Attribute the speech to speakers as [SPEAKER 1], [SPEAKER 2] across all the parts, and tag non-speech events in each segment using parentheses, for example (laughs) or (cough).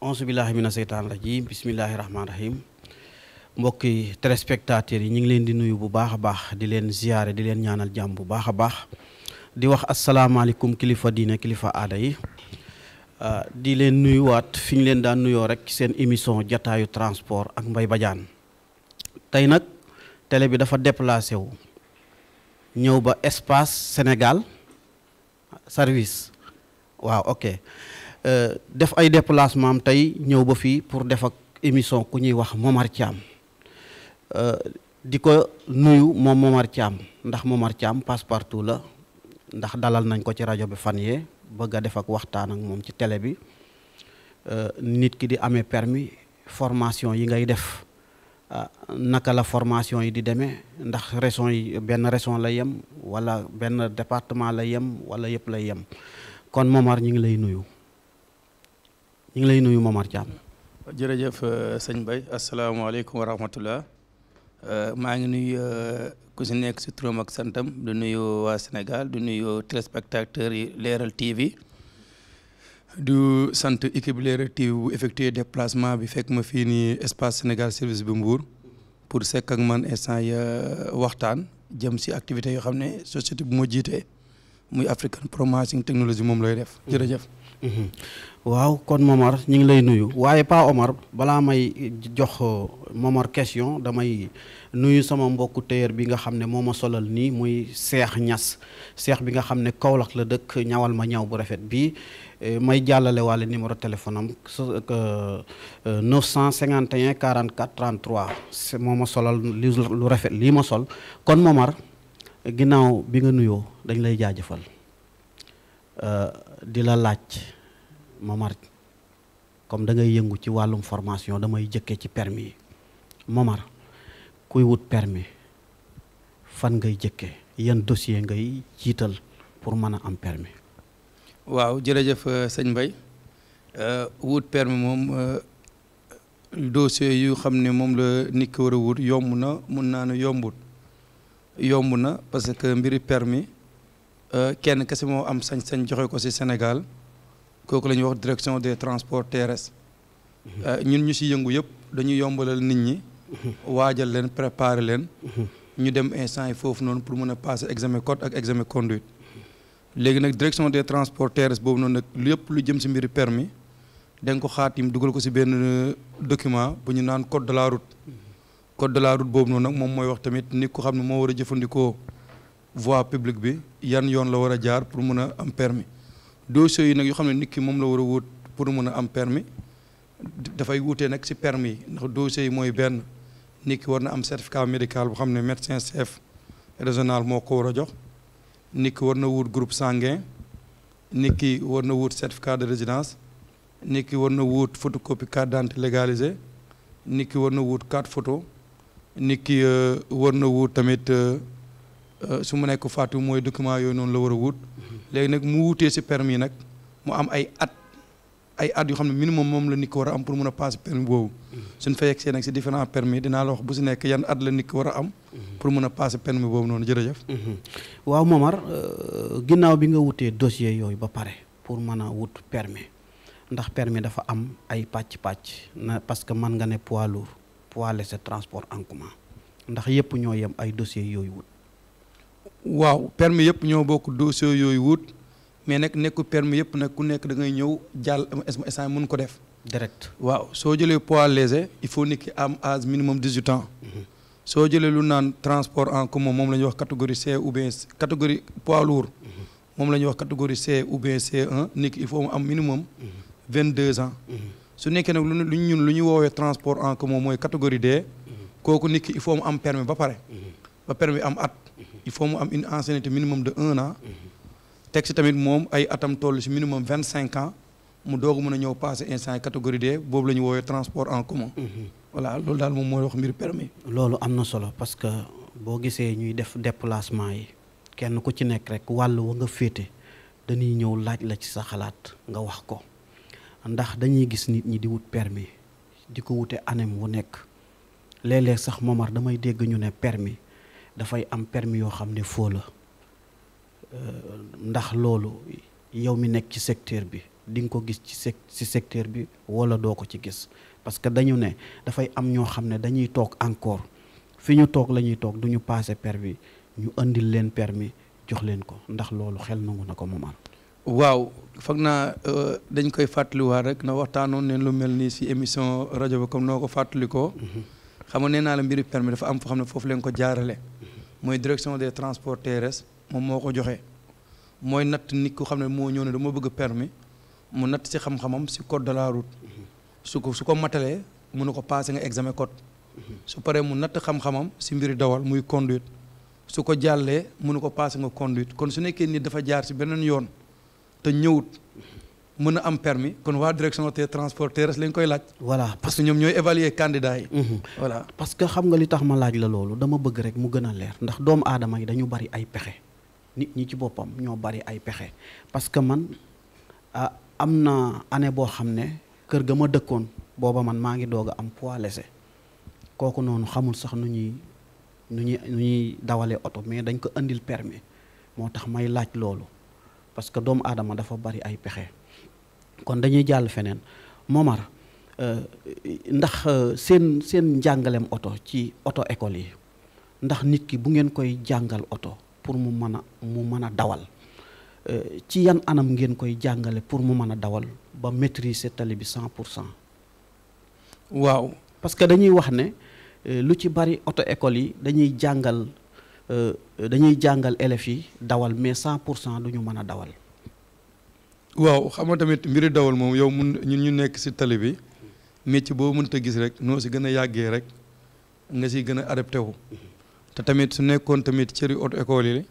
[SPEAKER 1] onze billahi mina seytaan rajim bismillahi rahmaani rahim mbokki téléspectateurs yi ñu ngi leen di nuyu bu baax a baax di leen ziyaare di leen ñaanal jàmm bu baax a baax di wax asalaamaaleykum kilifa diine kilifa aada yi ah, di leen nuyuwaat fi ñu leen daan nuyoo rek seen émission jataayu transport ak mbay Badiane tey nag télé bi dafa déplacé wu ñëw ba espace Sénégal sarwis waaw ok Euh, def ay déplacement am tey ñëw ba fii pour def ak émission ku ñuy wax Momar Thiam euh, di ko nuyu moom Momar Thiam ndax Momar Thiam passe-partout la ndax dalal nañ ko ci rajo bi fan yee bëgg a def ak waxtaan ak moom ci télé bi euh, nit ki di amee permis formation yi ngay def ah, naka la formation yi di demee ndax région yi benn région la yem wala benn département la yem wala yëpp la yem kon Momar ñu ngi lay nuyu. ñu lay nuyu Momar Thiam.
[SPEAKER 2] jërëjëf euh, sëñ Bay asalaamaaleykum wa rahmatullah euh, maa ngi nuyu euh, ku si nekk si turam ak santam du nuyu waa Sénégal du nuyu téléspectateurs yi Leeral TV du sant équipe Leeral TV bu effectué déplacement bi fekk ma fii nii espace Sénégal service bi Mbour pour sekk ak man instant ya waxtaan jëm si activité yoo xam ne société bu ma jiitee muy
[SPEAKER 1] African Promising Technology moom lay def jërëjëf waaw kon Momar ñu ngi lay nuyu waaye Pa Omar balaa may jox euh, Momar question damay nuyu sama mbokku téyër bi nga xam ne moo ma solal nii muy Seex Ñas seex bi nga xam ne Kaolack la dëkk ñawal ma ñaw bu rafet bii euh, may jàllale wàlle numéro téléphone am 951 44 33 moo ma solal lu rafet lii ma sol kon Momar ginnaaw bi nga nuyoo dañ lay jaajëfal Euh, di la laaj Momar comme da ngay yëngu ci wàllum formation damay jëkkee ci permi yi Momar kuy wut permi fan ngay jëkkee yan dossier ngay jiital pour mën a am permis
[SPEAKER 2] waaw jërëjëf euh, sëñ Mbaye euh, wut permis moom dossier yu xam ne moom la nit ki war a wut yomb na mun naa ne yombut yomb na parce que mbiri permi Euh, kenn kese moo am sañ-sañ joxe ko ci Sénégal kooku la ñuy wax direction des transports terrestres euh, ñun ñu ci yëngu yëpp dañuy yombalal nit ñi waajal leen préparer leen ñu dem instant yi foofu noonu pour mën a passer examen code ak examen conduite léegi nag direction des transport terrestres boobu noonu nag lépp lu jëm ci mbiri permis da nga ko xaatim dugal ko ci benn euh, document bu ñu naan code de la route code de la route boobu noonu nag moom mooy wax tamit nit ku xam ne moo war a jëfandikoo voie publique bi yan yoon la war a jaar pour mun a am permis dossiers yi nag yoo xam ne nit ki moom la war a wut pour mën a am permis dafay wuutee nag si permis yi ndax dossiers yi mooy benn nit ki war na am certificat médical bu xam ne médecin chef régional moo ko war a jox nit ki war na wut groupe sanguin nit ki war na wut certificat de résidence nit ki war na wut photocopie carte d'identité légaliser nit ki war na wut carte photo nit ki euh, war na wut tamit euh, Euh, su mu nekk Fatou mooy document yooyu noonu la war a wut léegi nag mu wutee si permis nag mu am ay at ay at yoo xam ne minimum moom la nit ko war a am pour mun a passe permis boobu suñ fa yegsee nag si différents permis dinaa nekk yan at la nit ko war
[SPEAKER 1] a am pour mun a passe permis boobu noonu jërëjëf waaw Momar euh, ginnaaw bi nga wutee dossier yooyu ba pare pour mën a wut permis ndax permis dafa am ay pàcc-pàcc na parce que mën nga ne poids lourd poids sa transport en commun ndax yëpp ñoo yem ay dossier yooyu wut waaw
[SPEAKER 2] permis yëpp ñoo bokk dossier yooyu wut mais nag nekk permis yëpp nag ku nekk da ngay ñëw jàll instant mun ko def. direct waaw soo jëlee pois léger il faut nikki am âge minimum 18 ans. Mhm. soo jëlee lu naan transport en commun moom la ñuy wax catégorie C ou bien catégorie poids lourd mhm. moom la ñuy wax catégorie C ou bien C1 nit ki il faut mu am minimum. 22 mhm. ans. su nekkee nag lu ñu ñun lu ñu woowee transport en commun mooy catégorie D. kooku nit ki il faut mu am permis ba pare. ba permis am a il faut mu am une ancienneté minimum de un an teg si tamit moom ay atam toll si minimum vingt cinq ans mu doog mën a ñëw passé instant catégorie D boobu lañu ñu woowee transport en commun
[SPEAKER 1] voilà loolu daal moom mooy wax mbir permis loolu am na solo parce que boo gisee ñuy def déplacement yi kenn ku ci nekk rek wàll wa nga féete dañuy ñëw laaj la ci sa xalaat nga wax ko ndax dañuy gis nit ñi di wut permis di ko wute anem wu nekk léeg-léeg sax Momar damay dégg ñu ne permis dafay am permis yoo xam ne faux la euh, ndax loolu yow mi nekk ci secteur bi di nga ko gis ci sec ci secteur bi wala doo ko ci gis parce que dañu ne dafay am ñoo xam ne dañuy toog encore fi ñu toog la ñuy toog du ñu passé permis ñu indil leen permis jox leen ko ndax loolu xel nangu na ko moomal.
[SPEAKER 2] waaw foog naa euh, dañ koy fàttaliwaat rek na waxtaanoon neen lu mel nii si émission rajo bi comme noo ko fàttali fàttalikoo. Mhm. xam nga nee naa la mbiru permis dafa am foo xam ne foofu leen ko jaarale mooy direction des transports terrestres moom moo ko joxe mooy natt nit ku xam ne moo ñëw ne dama bëgg permis mu natt si xam-xamam ci code de la route su ko su ko matalee mu ne ko passé nga examen code su paree mu natt xam-xamam ci mbiri dawal muy conduite su ko jàllee mu ne ko passé nga conduite kon su nekkee nit dafa jaar ci beneen yoon te ñëwut mën a am permis kon waa direction des transports terrestres lañ koy laaj. voilà parce que ñoom ñooy évaluer candidat yi.
[SPEAKER 1] Mhm. voilà parce que xam nga li tax ma laaj la loolu dama bëgg rek mu gën a leer ndax doomu aadama yi dañu bari ay pexe nit ñi ci boppam ñoo bari ay pexe parce que man ah, am na année boo xam ne kër ga ma dëkkoon booba man maa ngi doog a am poids léger kooku noonu xamul sax nu ñuy nu ñuy nu ñuy dawalee oto mais dañ ko indil permis moo tax may laaj loolu parce que doomu aadama dafa bari ay pexe. kon dañuy jàll feneen Momar euh, ndax euh, seen seen njàngaleem oto ci oto école yi ndax nit ki bu ngeen koy jàngal oto pour mu mën a mu mën a dawal euh, ci yan anam ngeen koy jàngale pour mu mën a dawal ba maîtriser tali bi cent pour cent waaw parce que dañuy wax ne lu ci bari oto école yi dañuy jàngal dañuy jàngal élèves yi dawal mais cent pour cent du ñu mën a dawal
[SPEAKER 2] waaw xam nga tamit mbiri dawal moom yow mun ñun ñu nekk si tali bi métier boo mënta gis rek noo si gën a yàggee rek nga si gën a adapté wu te tamit su nekkoon tamit cëri auto école yi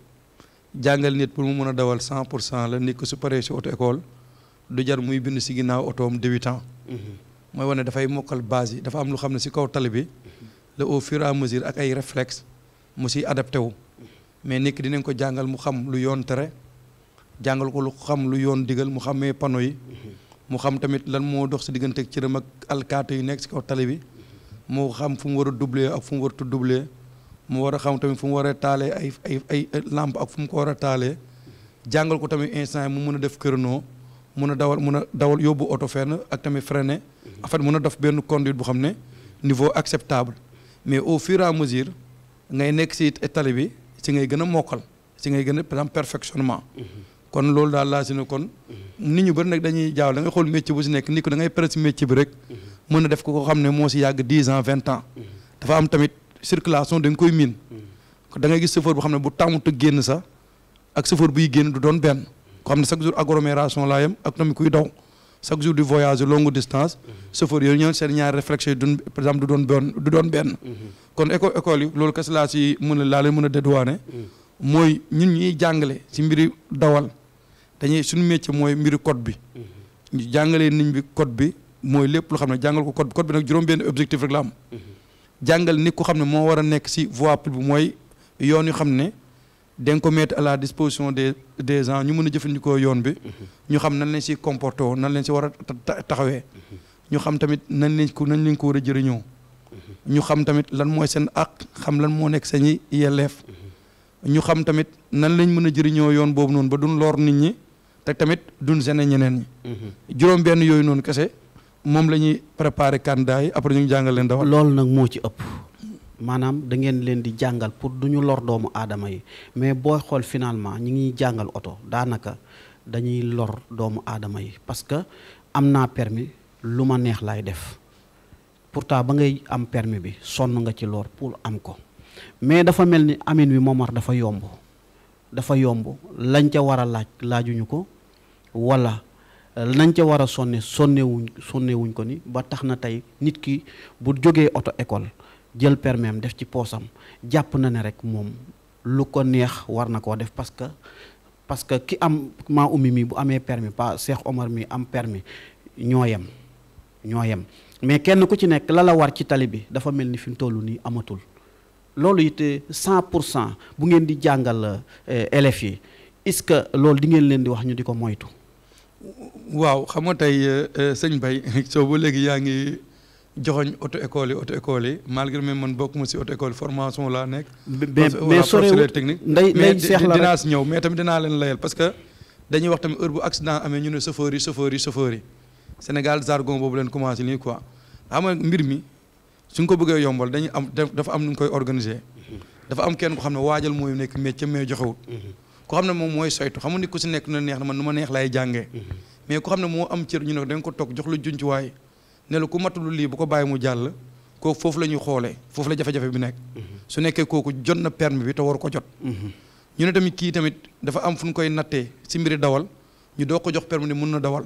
[SPEAKER 2] jàngal nit pour mu mën a dawal cent pour cent la nit su paree si auto école du jar muy bind si ginnaaw otoom débutant mooy ne dafay mokkal base yi dafa am lu xam ne si kaw tali bi la au fur à mesure ak ay réflexe mu si adapté wu mais nekk ki dinañ ko jàngal mu xam lu yoon tere jàngal ko lu xam lu yoon digal mu xamee panneau yi mm-hmm. mu xam tamit lan moo dox si diggante ak cëram ak alkaate yu nekk si kaw tali bi mu xam fu mu war a doublé ak fu mu warut a mu war a xam tamit fu mu war a taalee ay ay ay lampe ak fu mu ko war a taalee jàngal ko tamit instant mu mun a def kërnoo mun a dawal mun a dawal yóbbu oto fenn ak tamit freiné mm-hmm. en fait mun a def benn conduite bu xam ne niveau acceptable mais au fur et à mesure ngay nekk si tali bi si ngay gën a mokkal si ngay gën a par exemple kon loolu daal laa si ne kon nit ñu bëri nag dañuy jaaw da ngay xool métier bu si nekk nit ko da ngay presque métier bi rek mën a def ko ko xam ne moo si yàgg dix ans vingt ans dafa am tamit circulation da nga koy miin da ngay gis chauffeur boo xam ne bu tàmmut a génn sax ak chauffeur buy génn du doon benn ko xam ne chaque jour agglomération laa yem ak tamit kuy daw chaque jour du voyage longue distance seen ñaari réflexion yi du par exemple du doon benn du doon benn mm-hmm. kon école école yi loolu kese laa si mën laa leen mën a dédouaner mooy ñun ñuy jàngale ci mbiru dawal dañuy suñu métier mooy mbiru code bi
[SPEAKER 3] mm-hmm.
[SPEAKER 2] ñu jàngalee niñ bi code bi mooy lépp lu xam ne jàngal ko code bi code bi nag juróom-benn objectif rek la mm-hmm. jàngal nit ku xam ne moo war a nekk ci voie bi mooy yoon yu xam ne dañ à la disposition des des gens ñu mën a jëfandikoo yoon bi mm-hmm. ñu xam nan lañ si comporte woo nan lañ ci war a taxawee ñu xam tamit nan lañ ko nan lañ ko war a jëriñoo ñu xam tamit lan mooy seen ak xam lan moo nekk seen i yelleef ñu xam tamit nan lañ mën a jëriñoo yoon boobu noonu ba duñ loor nit ñi te tamit duñ sene ñeneen ñi mm-hmm. juróom benn yooyu noonu kese moom la ñuy
[SPEAKER 1] préparer candidat
[SPEAKER 2] après ñu ngi jàngal leen dawal loolu nag moo ci ëpp
[SPEAKER 1] maanaam da ngeen leen di jàngal pour du ñu lor doomu aadama yi mais booy xool finalement ñi ngi jàngal oto daanaka dañuy lor doomu aadama yi parce que am naa permis lu ma neex laay def pourtant ba ngay am permis bi sonn nga ci lor pour am ko mais dafa mel ni amin wi moomar dafa yomb dafa yomb lañ ca war a laaj laajuñu ko wala nañ euh, ca war a sonne sonnewuñ sonnewuñ ko ni ba tax na tey nit ki bu jógee oto école jël permis def ci poosam jàpp na ne rek moom lu ko neex war na koo def parce que parce que ki am maa umi mi bu amee permis pa seex Omar mi am permis ñoo yem ñoo yem mais kenn ku ci nekk la war ci tali bi dafa mel ni fi mu toll nii amatul loolu it cent pour cent bu ngeen di jàngal eh, élèves yi est-ce que loolu di ngeen leen di wax ñu di ko moytu.
[SPEAKER 2] waaw xam nga tey eh, eh, sëñ Baye (laughs) soo ba léegi yaa ngi joxoñ auto école yi auto école yi malgré même bokk ma si auto école formation laa nekk.
[SPEAKER 3] mais mais sorewul technique nday nday seex la dinaa si
[SPEAKER 2] ñëw mais tamit dinaa leen layal parce que dañuy wax tamit heure bu accident amee ñu ne chauffeur yi chauffeur yi chauffeur yi Sénégal jargon boobu leen commencé nii quoi xam mbir mi. suñ ko bëggee yombal dañu am dafa am nu ñu koy organiser dafa am kenn ko xam ne waajal mooy nekk métier mais joxewut ko xam ne moom mooy saytu xam ni ku si nekk na neex na man nu ma neex laay jàngee mais ku xam ne moo am cër ñu ne da nga ko toog jox lu juncuwaay ne la ku matul lii bu ko bàyyi mu jàll kooku foofu la ñuy xoolee foofu la jafe bi nekk su nekkee kooku jot na permis bi te waru ko jot
[SPEAKER 3] ñu
[SPEAKER 2] ne tamit kii tamit dafa am fu ñu koy nattee si mbiri dawal ñu doo ko jox permi ne mun na dawal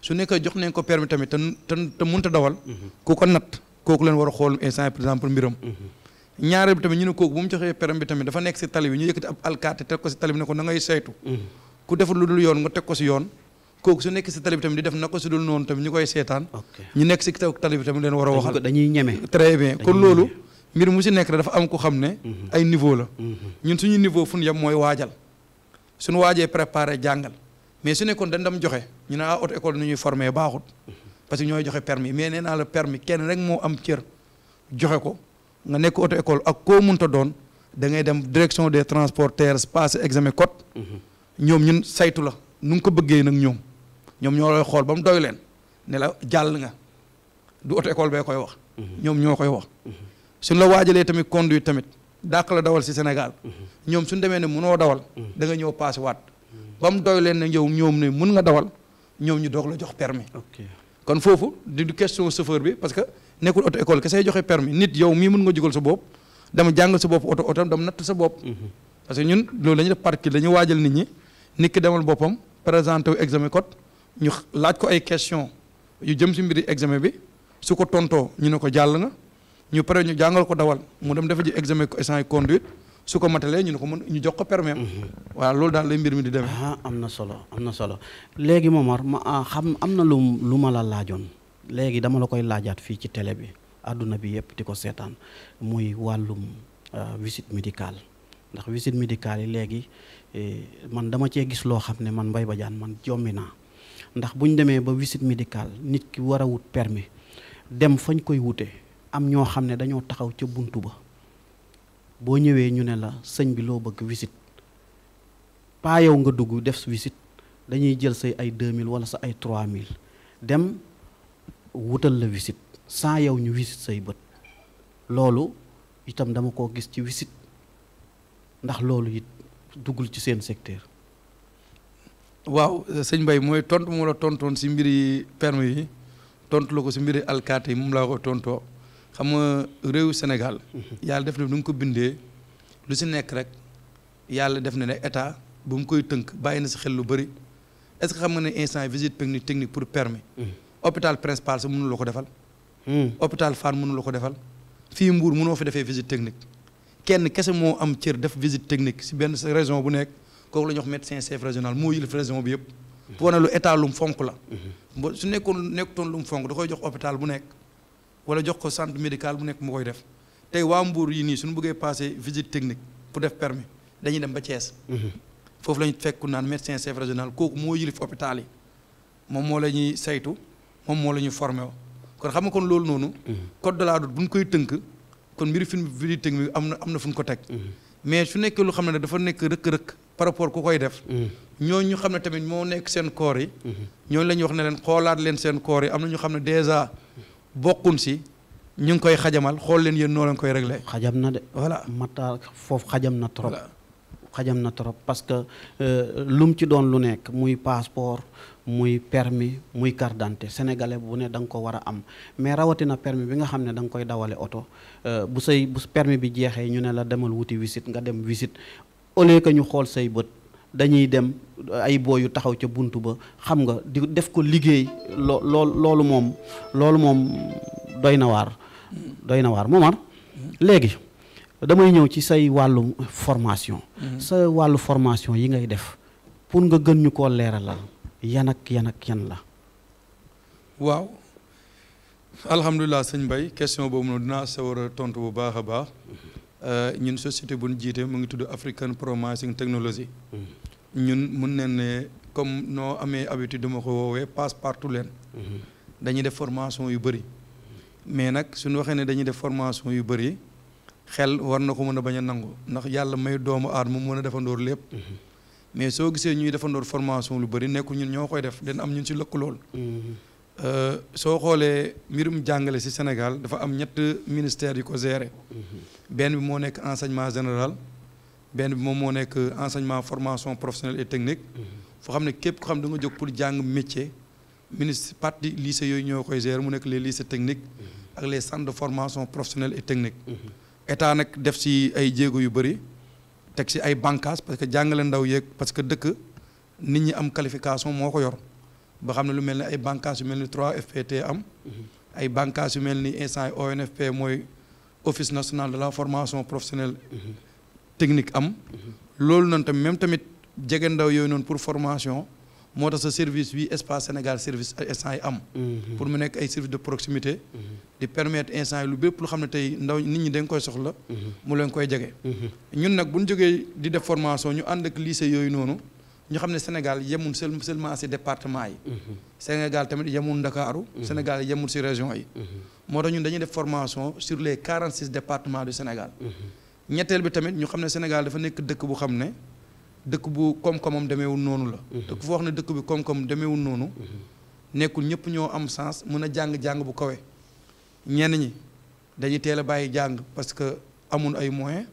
[SPEAKER 2] su nekkee jox nañ ko permis tamit te te te a dawal ku ko natt kooku leen war a xool instant par exemple mbiram ñaareel tamit ñu ne kooku bu mu joxee permis bi tamit dafa nekk si tali bi ñu yëkkati ab alkaati teg ko si tali bi ne ko na ngay saytu ku deful lu dul yoon nga teg ko si yoon kooku su nekk si tali tamit di def na ko si dul noonu tamit ñu koy seetaan ñu nekk si tali tamit leen war a waxal dañuy bien kon loolu mbir mu si nekk dafa am ko xam ne mhm. ay niveau la mhm. ñun suñu niveau fu ñu yem mooy waajal suñu waajee préparé jàngal mais su nekkoon dañ dam joxe ñu ne ah auto école nu ñuy parce que ñooy joxe permis mais nee naa la permis kenn rek moo am cër joxe ko nga nekk auto école ak koo munta doon da ngay dem direction des transporteurs passé examen code mm-hmm. ñoom ñun saytu la nu nga ko bëggee nag ñoom ñoom ñoo lay xool ba mu doy leen ne la jàll nga du auto école koy wax mm-hmm. ñoom ñoo koy wax mm-hmm. suñ la waajalee tamit conduite tamit dàq la dawal si Sénégal ñoom suñ demee ne mënoo dawal da nga ñëw passé waat ba mu doy ñoom ne mun nga dawal ñoom ñu doog la jox permis kon foofu di question chauffeur bi parce que nekkul auto école kese joxe permis nit yow mii mën nga jugal sa bopp dama jàngal sa bopp auto oto dama natt sa bopp. Mhm. parce que ñun loolu la ñuy def parcours dañu waajal nit ñi nit ki demal boppam présenté wu examen code ñu laaj ko ay question yu jëm si mbiri examen bi su ko tontoo ñu ne ko jàll na ñu pare ñu jàngal ko dawal mu dem defa ji examen essence conduite.
[SPEAKER 1] su ko matalee ñu ne ko mën ñu jox ko permis mhm. waaw loolu daal lay mbir mi di deme ah am na solo am na solo léegi Momar ma ah, xam am na lum lu ma la laajoon léegi dama la koy laajaat fii ci télé bi àdduna bi yëpp di ko seetaan muy wàllum ah, visite médicale ndax visite médicale yi léegi eh, man dama cee gis loo xam ne man Mbaye Badiane man jommi naa ndax bu ñu demee ba visite médicale nit ki war a wut permis dem fañ koy wute am ñoo xam ne dañoo taxaw ca bunt ba. boo ñëwee ñu ne la sëñ bi loo bëgg visite pas nga dugg def visite dañuy jël say ay 2000 wala sa ay trois 3000 dem wutal la visite sans yow ñu visite say bët loolu itam dama koo gis ci wisit ndax loolu it duggul ci seen secteur.
[SPEAKER 2] waaw sëñ Mbaye mooy tontu moo la tontoon si mbiri permis yi tontu la ko si mbiri alkaati yi moom laa ko tontoo. xam nga réewu Sénégal. yàlla def na nu mu ko bindee lu si nekk rek yàlla def na ne état bu mu koy tënk bàyyi na si xel lu bëri est ce que xam nga ne instant visite technique technique pour permis hôpital principal sa mënu la ko defal. hôpital Fann mënu la ko defal. fii Mbour mënoo fi defee visite technique kenn kese moo am cër def visite technique si benn région bu nekk kooku la ñuy wax médecin chef régional moo yilif région bi yëpp. pour wane lu état lu mu fonk la. Mhm. su nekkoon nekkutoon lu mu fonk da koy jox hôpital bu nekk. wala jox ko centre médical bu nekk mu koy def tey waa Mbour yi nii suñ bëggee passer visite technique pour def permis dañuy dem ba cees mhm. foofu lañu fekku naan médecin chef régional kooku moo yilif hôpital yi moom moo la ñuy saytu moom moo la ñuy formé wo kon xam nga kon loolu noonu. Mhm. code de la route bu ñu koy tënk kon fi film visite technique am na am na fu ñu ko teg. Mhm. mais su nekkee lu xam ne dafa nekk rëkk-rëkk par rapport ku koy def. ñooñu ñu xam ne tamit moo nekk seen koor yi. la ñuy wax ne leen xoolaat leen seen koor am na ñu xam ne déjà.
[SPEAKER 1] bokkun si ñu ngi koy xajamal xool leen yéen noo leen koy réglé. xajam na de. voilà Matar foofu xajam na trop. xajam na trop parce que euh, lu mu ci doon lu nekk muy passeport muy permis muy carte d'identité sénégalais bu ne da nga ko war a am mais rawatina permis bi nga xam ne da nga koy dawale oto euh, bu say bu permis bi jeexee ñu ne la demal wuti visite nga dem visite au lieu que ñu xool say bët. dañuy dem ay boo yu taxaw ca bunt ba xam nga di def ko liggéey loo loolu moom loolu moom doy na waar doy na waar Momar léegi damay ñëw ci say wàllu formation sa wàllu formation yi ngay def pour nga gën ñu koo leeralal yan ak yan ak yan la
[SPEAKER 2] waaw alhamdulilah sëñ Mbaye question boobu noonu dinaa sawar a tontu bu baax a baax Euh, ñun société bu ñu jiitee mu ngi tudd African Promising Technology. Hmm. ñun mun nañ ne comme noo amee habitude duma ko woowee passe partout leen. Hmm. dañuy def formation yu bëri. mais nag suñu waxee ne dañuy def formation yu bëri xel war na ko mën a bañ a nangu ndax yàlla may doomu aadama mu mën a defandoor lépp. Hmm. mais soo gisee ñuy defandoor formation lu bëri nekkul ñun ñoo koy def den am ñun si lëkk lool. Euh, soo xoolee mbirum jàngale si Sénégal dafa am ñett ministères yu ko gérer mhm. benn bi moo nekk enseignement général benn bi moom moo nekk enseignement formation professionnelle et technique mhm. foo xam ne képp ko xam ne nga jóg pour jàng métier ministre parti lycée yooyu ñoo koy gérer mu nekk les lycées techniques mhm. ak les centres formation professionnelle et technique état nag def ci ay jéego yu bëri teg ci ay bànqaas parce que jàngale ndaw yeeg parce que dëkk nit ñi am qualification moo ko yor ba xam ne lu mel ni ay bànqaas yu mel ni 3FPT am. Mm-hmm. ay bànqaas yu mel ni instant ONFP mooy office national de la formation professionnelle. Mm-hmm. technique am. Mm-hmm. loolu noonu tamit même tamit jege ndaw yooyu noonu pour formation moo tax sa service bi espace Sénégal service instant yi am. pour mu nekk ay service de proximité. di permettre instant yi lu bépp lu xam ne tey ndaw nit ñi danga koy soxla. mu leen koy jege. ñun nag bu ñu jógee di def formation ñu ànd ak lycée yooyu noonu. ñu xam ne Sénégal yemul seul seulement si département yi. Sénégal tamit yemul Ndakaaru. Sénégal yemul si région yi. moo tax ñun dañuy def formation sur les quarante six départements du Sénégal. ñetteel bi tamit ñu xam ne Sénégal dafa nekk dëkk bu xam ne dëkk bu koom-koomam demeewul noonu la. te ku foo wax ne dëkk bi koom-koom demeewul noonu. nekkul ñëpp ñoo am sens mun a jàng jàng bu kawe. ñenn ñi dañu teel a bàyyi jàng parce que amul ay moyen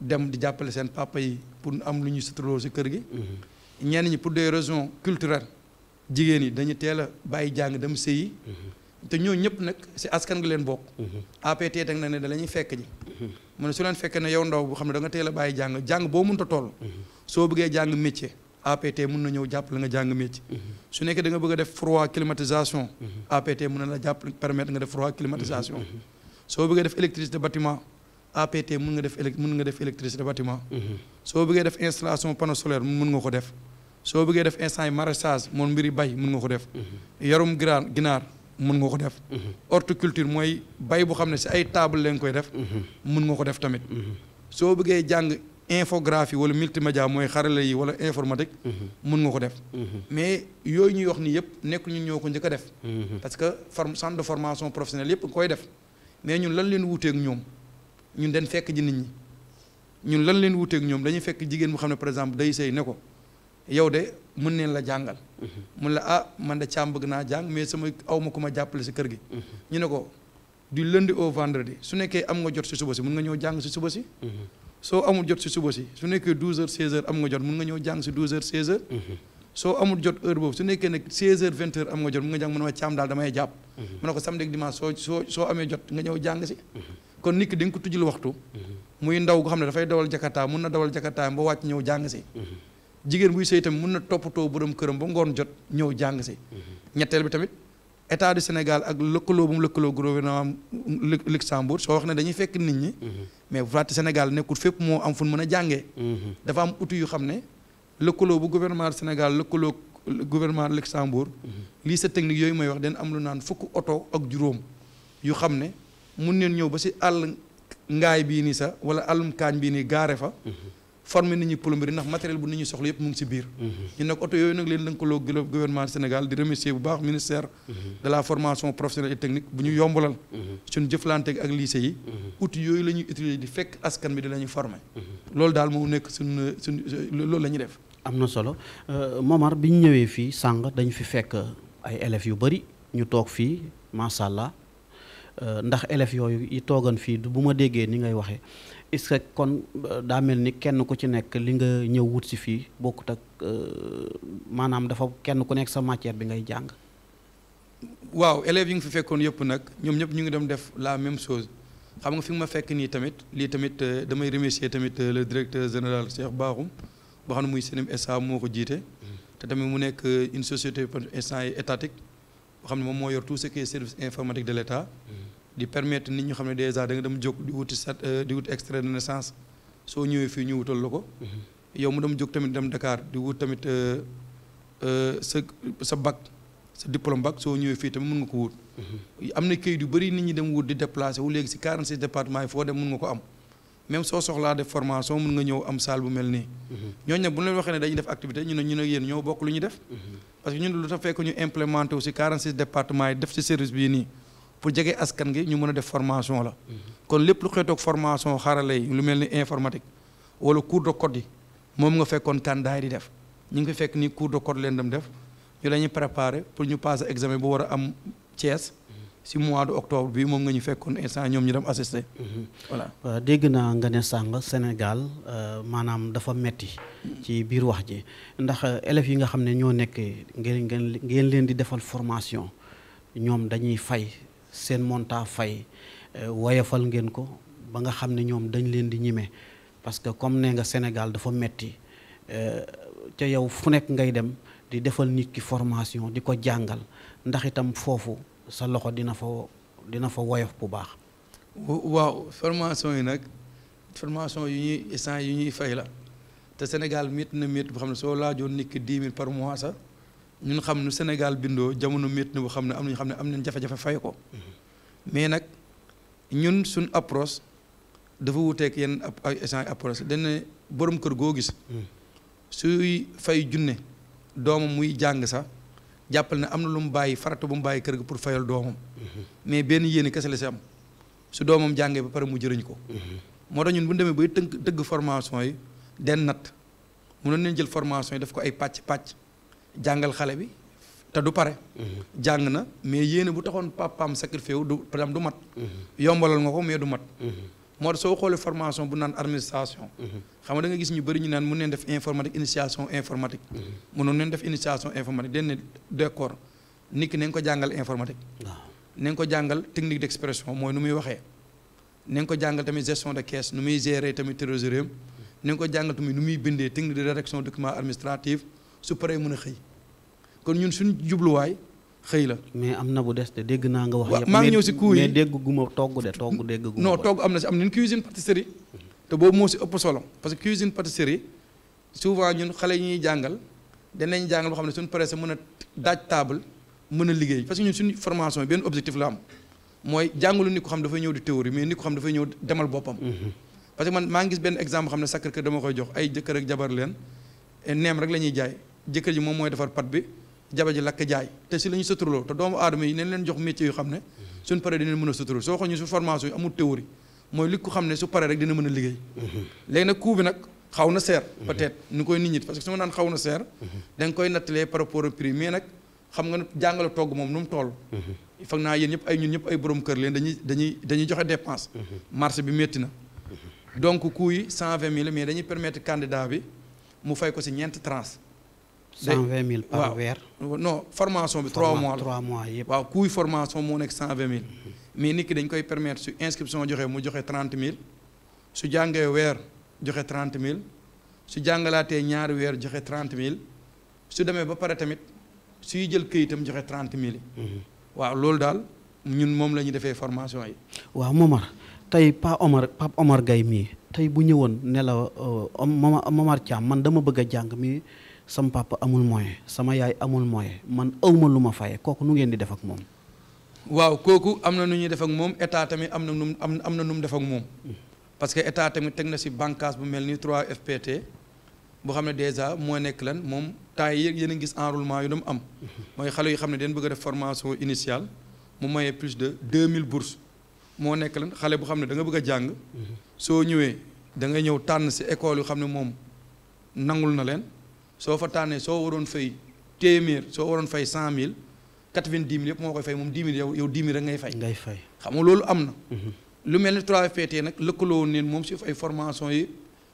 [SPEAKER 2] dem di jàppale seen papa yi pour am lu ñu suturloo si kër gi. Mm-hmm. ñenn ñi pour des raisons culturelles jigéen yi dañu teel a bàyyi jàng dem sëyi.
[SPEAKER 3] Mm-hmm.
[SPEAKER 2] te ñoo ñëpp nag si askan gi leen bokk. Mm-hmm. APT teg na ne da la ñuy fekk ji. mu ne su leen fekkee ne yow ndaw bu xam ne danga nga teel bàyyi jàng jàng boo mënta tool soo bëggee jàng métier. APT mun na ñëw jàppale nga jàng métier. su nekkee da bëgg a def froid climatisation. APT mun na la jàpp permettre nga def froid climatisation. soo APT mun nga def élec mun nga def électricité bâtiment mhm. soo bëggee def installation panneau solaire mun nga ko def soo bëggee def instant yi maraîchage moom mbiri bay mun nga ko def mhm. yarum ginaar ginaar mun nga ko def mhm. horticulture mooy bay bu xam ne si ay table leen koy def mun nga ko def tamit soo bëggee jàng infographie wala multimédia mooy xarala yi wala informatique mun nga ko def mais yooyu ñuy wax ni yëpp nekk ñu ñoo ko njëkk def parce que centre de formation professionnelle yépp nga koy def mais ñun lan leen wuuteeg ñoom ñun den fekk ji nit ñi ñun lan leen wuteeg ñoom dañuy fekk jigéen mu xam ne par exemple day sëy ne ko yow de mën neen la jàngal mm-hmm. mun la ah man de caam bëgg naa jàng mais sama aw ma ku ma jàppale si kër gi mm-hmm. ñu ne ko du lundi su nekkee am nga jot si suba si mun nga ñëw jàng si suba si mm-hmm. soo amul jot si suba si su nekkee douze heures seize heures am nga jot mun nga ñëw jàng si douze heures seize heures soo amul jot heure boobu su nekkee nag seize heures vingt heures am nga jot mun nga jàng mun ma caam daal damay jàpp mu ne ko samedi dimanche soo soo soo amee jot nga ñëw jàng si kon nit ki di nga ko tujjul waxtu mm-hmm. muy ndaw goo xam ne dafay dawal jakarta mun na dawal jakartaam ba wàcc ñëw jàng si mm-hmm. jigéen buy sëy tamit mun na toppatoo borom këram ba ngoon jot ñëw jàng si mm-hmm. ñetteel bi tamit état du Sénégal ak lëkkaloo bu mu lëkkaloo gouvernement Luxembourg soo wax ne dañuy fekk nit ñi mais vrat Sénégal nekkul fépp moo am fu mën a jàngee dafa am outil yu xam ne lëkkaloo bu gouvernement Sénégal lëkkaloo gouvernement Luxembourg lii sa technique yooyu mooy wax den am lu naan fukk oto ak juróom yu xam ne mun neen ñëw ba si àll ngaay bii nii sax wala àllum kaañ bii nii gaare fa mhm. former nit ñi plomberie ndax matériel bu nit ñi soxla yëpp mu ngi si biir mhm. ñu nag oto yooyu nag leen lëkkaloo gouvernement Sénégal di remercier bu baax ministère mhm. de la formation professionnelle et technique bu ñu yombalal suñu jëflante ak liise yi outils yooyu la ñuy utiliser di fekk askan bi di la ñu loolu daal moom nekk suñu suñu loolu la ñuy def
[SPEAKER 1] am na solo euh, Momar bi ñu ñëwee fii sàng dañu fi fekk ay élèves yu bëri ñu toog fii macha Euh, ndax élèves yooyu yi toogan fii bu ma déggee ni ngay waxee est-ce kon euh, daa mel ni kenn ku ci nekk li nga ñëw wut si fii bokkut ak euh, maanaam dafa kenn ku nekk sa matière bi ngay jàng.
[SPEAKER 2] waaw élèves yi nga fi fekkoon yëpp nag ñoom ñëpp ñu ngi dem def la même chose xam nga fi nga ma fekk nii tamit lii tamit damay remercier tamit le directeur général Cheikh Bakhoum boo xam ne muy Senem SA moo ko jiite. te tamit mu nekk une société pour instant étatique boo xam ne moom moo yor service informatique de l'État. di permettre nit ñu xam ne dèjà da nga dem jóg di wuti sat euh, di wuti extrait de naissance soo ñëwee fii ñu wutal la ko. Mm-hmm. yow mu dem jóg dem Dakar di wut tamit euh, euh, sa sa bac sa diplôme bac soo ñëwee fii tamit mun nga ko wut. Mm-hmm. na kayit yu bëri nit ñi dem wut di déplacé wu léegi si 46 départements yi foo dem mun nga ko am. même soo soxlaa def formation mun nga ñëw am salle bu mel nii. Mm-hmm. ñooñu nag bu ñu waxee ne dañuy def activité ñu ne ñu ne yéen ñoo bokk lu ñu def. parce que ñun lu tax fekk ñu implémenté wu si 46 départements yi def si service bii nii. pour jege askan gi ñu mën a def formation la kon lépp lu xeetoog formation xarala yi lu mel ni informatique wala cours de code yi moom nga fekkoon candidat yi di def ñu ngi fekk ni cours de code leen dem def ñu dañuy préparer pour ñu passer examen bu war a am Thiès si mois
[SPEAKER 1] de octobre bi
[SPEAKER 2] moom nga ñu fekkoon instant
[SPEAKER 1] ñoom ñu dem assister. voilà euh, dégg naa nga ne sàng Sénégal euh, maanaam dafa metti ci biir wax ji ndax euh, élèves yi nga xam ne ñoo nekk ngeen ngeen leen di defal formation ñoom dañuy fay seen monta fay euh, woyafal ngeen ko ba nga xam ne ñoom dañ leen di ñime parce que comme ne nga Sénégal dafa metti euh, ca yow fu nekk ngay dem di defal nikki formation di ko jàngal ndax itam foofu sa loxo dina fa dina fa woyof bu baax
[SPEAKER 2] waaw formation yi nag formation yu ñuy instant yu ñuy fay la te Sénégal mit na mit boo xam ne soo laajoon nikki ki mille par mois sax ñun xam nu Sénégal bindoo jamono métti na bu xam ne am nañu xam ne am nañ jafe-jafe fay ko mais nag ñun suñ approche dafa wuuteeg yenn ay échange approche dañ boroom kër goo gis suy fay junne doomam muy jàng sax jàppal ne am na lu mu bàyyi farata bu mu bàyyi kër gi pour fayal doomam mais benn yéene kese la si am su doomam jàngee ba pare mu jëriñ ko moo tax ñun bu ñu bay tënk tëgg formation yi den nat mënoon nañ jël formation yi def ko ay pàcc-pàcc jàngal xale bi te du pare. Mhm. jàng na mais yéene bu taxoon papaam sacrifice wu du par exemple du mat. Mhm. yombalal nga ko mais du mat. Mhm. moo tax soo xoolee formation bu naan administration. xam nga da gis ñu bëri ñu naan mun neen def informatique initiation informatique. mënoon neen def initiation informatique den ne d'accord ki na nga ko jàngal informatique. na nga ko jàngal technique d'expression mooy nu muy waxee. na nga ko jàngal tamit gestion de caisse nu muy gérer tamit trésorerie am. ko jàngal tamit nu muy bindee technique de rédaction document administratif. su paree mën a xëy
[SPEAKER 1] kon ñun suñu jubluwaay xëy la. mais am na bu des de dégg naa nga wax. maa ngi ñëw si coup yi mais dégg gu ma togg de togg dégg gu ma togg am na si
[SPEAKER 2] am nañu cuisine pâtisserie. te boobu moo si ëpp solo parce que cuisine pâtisserie souvent ñun xale yi ñuy jàngal danañ jàngal boo xam ne suñu paree sa mën a daaj table mën a liggéey parce que ñun suñu formation benn objectif la am mooy jàngalu nit ko xam dafay ñëw di théorie mais nit ko xam dafa ñëw demal boppam. Mhm. parce que man maa ngi benn exemple xam ne Sacré-Cœur dama koy jox ay jëkkër ak jabar leen neem rek la ñuy jaay jëkkër ji moom mooy defar pat bi jabar ji lakk jaay te si la ñu suturloo te doomu aadama yi nañ leen jox métier yu xam ne suñ paree dinañ mën a suturloo soo xoo ñu su formation yi amul théorie mooy li ko xam ne su paree dina mën a liggéey mm-hmm. léegi nag coût bi nag xaw na seer mm-hmm. peut-être ni koy nit ñi parce que su ma naan xaw na seer mm-hmm. da nga koy nattalee par rapport au prix mais nag xam nga jàngale togg moom nu mu toll foog naa yéen ñëpp ay ñun ñëpp ay borom kër leen dañuy dañuy dañuy joxe dépense marché métti na donc coût yi cent vingt mille mais dañuy bi mu fay ko si ñeenti tranche cent vingt mille par weer non formation bi trois mois trois mois yëpp waaw kuy formation moo nekk cent vingt mm-hmm. mais nit ki dañ koy permettre su inscription joxe mu joxe trente mille su jàngee weer joxe trente mille su jàngalaatee ñaari weer joxe trente mille su demee ba pare tamit suy jël këyitam joxe trente mille
[SPEAKER 3] yi mm-hmm.
[SPEAKER 2] waaw loolu daal ñun moom la ñu defee formation yi
[SPEAKER 1] waaw Momar tey Pa Omar Pape Omar gay mii tey bu ñëwoon ne la euh, Momar Thiam man dama bëgg a jàng mii sama papa amul moyen sama yaay amul moyen man awma lu ma faye kooku nu ngeen di def ak moom
[SPEAKER 2] waaw kooku am na nu ñuy def ak moom état tamit am na nu am am na nu mu def ak moom hmm. parce que état tamit teg na si bànqaas bu mel ni 3FPT boo xam ne dèjà moo nekk lan moom temps yi yéen a gis enrôlement yu doon am hmm. mooy xale yu xam ne dañ bëgg def formation initiale mu mayee plus de 2000 bourses moo nekk lan xale bu xam ne da nga bëgg a jàng hmm. soo ñëwee da nga ñëw tànn si école yu xam ne moom nangul na leen soo fa tànnee soo waroon fay téeméer soo waroon fay cent mille quatre-vingt-dix mille yëpp moo koy fay moom dix mille yow yow dix mille ngay fay. ngay fay xam nga loolu am na. Mhm. lu mel ni 3FPT nag lëkkaloo neen moom si ay formation yi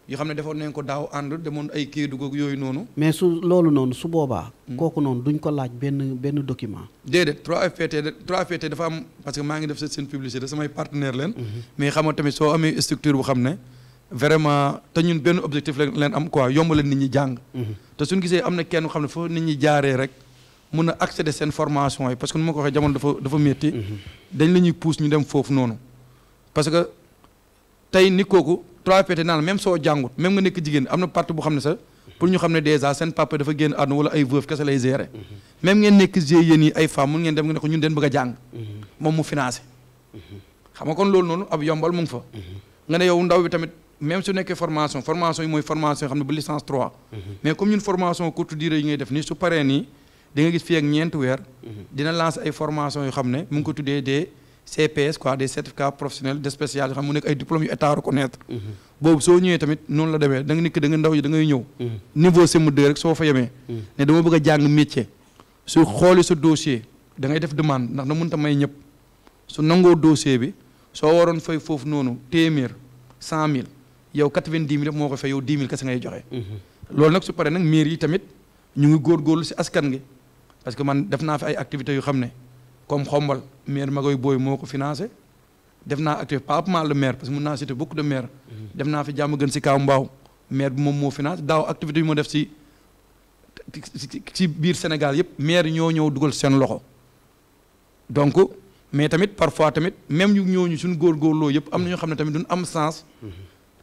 [SPEAKER 2] yoo xam ne defoon nañ ko daaw ànd demoon ay Kédougou yooyu noonu.
[SPEAKER 1] mais su loolu noonu su boobaa. Hmm. kooku noonu duñ ko laaj benn benn document.
[SPEAKER 2] déedéet 3FPT de 3FPT dafa am parce que maa ngi def seen publicité samay partenaire leen. Mhm. mais xam nga tamit soo amee structure bu xam ne. vraiment te ñun benn objectif la leen am quoi yombal nit ñi jàng. Mhm. te suñu gisee am na kenn xam ne foofu nit ñi jaaree rek mun a accéder seen formation yi parce que nu ma ko waxee jamono dafa dafa métti. Mhm. dañ la ñuy pousse ñu dem foofu noonu. parce que tey ni kooku 3PT naan même soo jàngut même nga nekk jigéen am na partie bu xam ne sax pour ñu xam ne dèjà seen papa dafa génn àdduna wala ay veuve kese lay gérer. Mhm. même ngeen nekk GIE yi ay femmes mun dem nga ne ko a jàng. moom mu financé. xam nga kon loolu noonu ab yombal mu ngi fa. nga ne yow ndaw bi tamit. même su nekkee formation formation yi mooy formation yoo xam ne ba licence 3. Mhm. mais comme ñun formation courte durée yi ngay def nii su paree nii da nga gis fi ak ñeenti weer. Mhm. dina lancer ay formation yoo xam ne mu ngi ko tuddee des CPS quoi des certificats professionnels de spécial yoo xam ne mu nekk ay diplômes yu état reconnaître. Mhm. boobu soo ñëwee tamit noonu la demee da nga nekk da ndaw ji da ngay ñëw. niveau CM2 rek soo fa yemee. ne dama bëgg jàng métier. su xoolee sa dossier da ngay def demande ndax na mënut a may ñëpp su nangoo dossier bi soo waroon fay foofu noonu téeméer cent mille. yow quatre-vingt-dix mille moo ko fay yow dix mille kese joxe. Mhm. loolu nag su paree nag mairie yi tamit ñu ngi góorgóorlu si askan gi parce que man def naa fi ay activité yu xam ne comme xombal maire Magoy Boy moo ko financé def naa activité pas le maire parce mun naa citer beaucoup de maire. Mhm. def naa fi jàmm gën si kaw mbaaw maire bi moom moo financé daaw activité yu ma def si ci biir Sénégal yëpp maire ñoo ñëw dugal seen loxo donc. mais tamit parfois tamit même ñu ñooñu suñu góorgóorloo yëpp am na ñoo xam ne tamit duñ am sens mhm.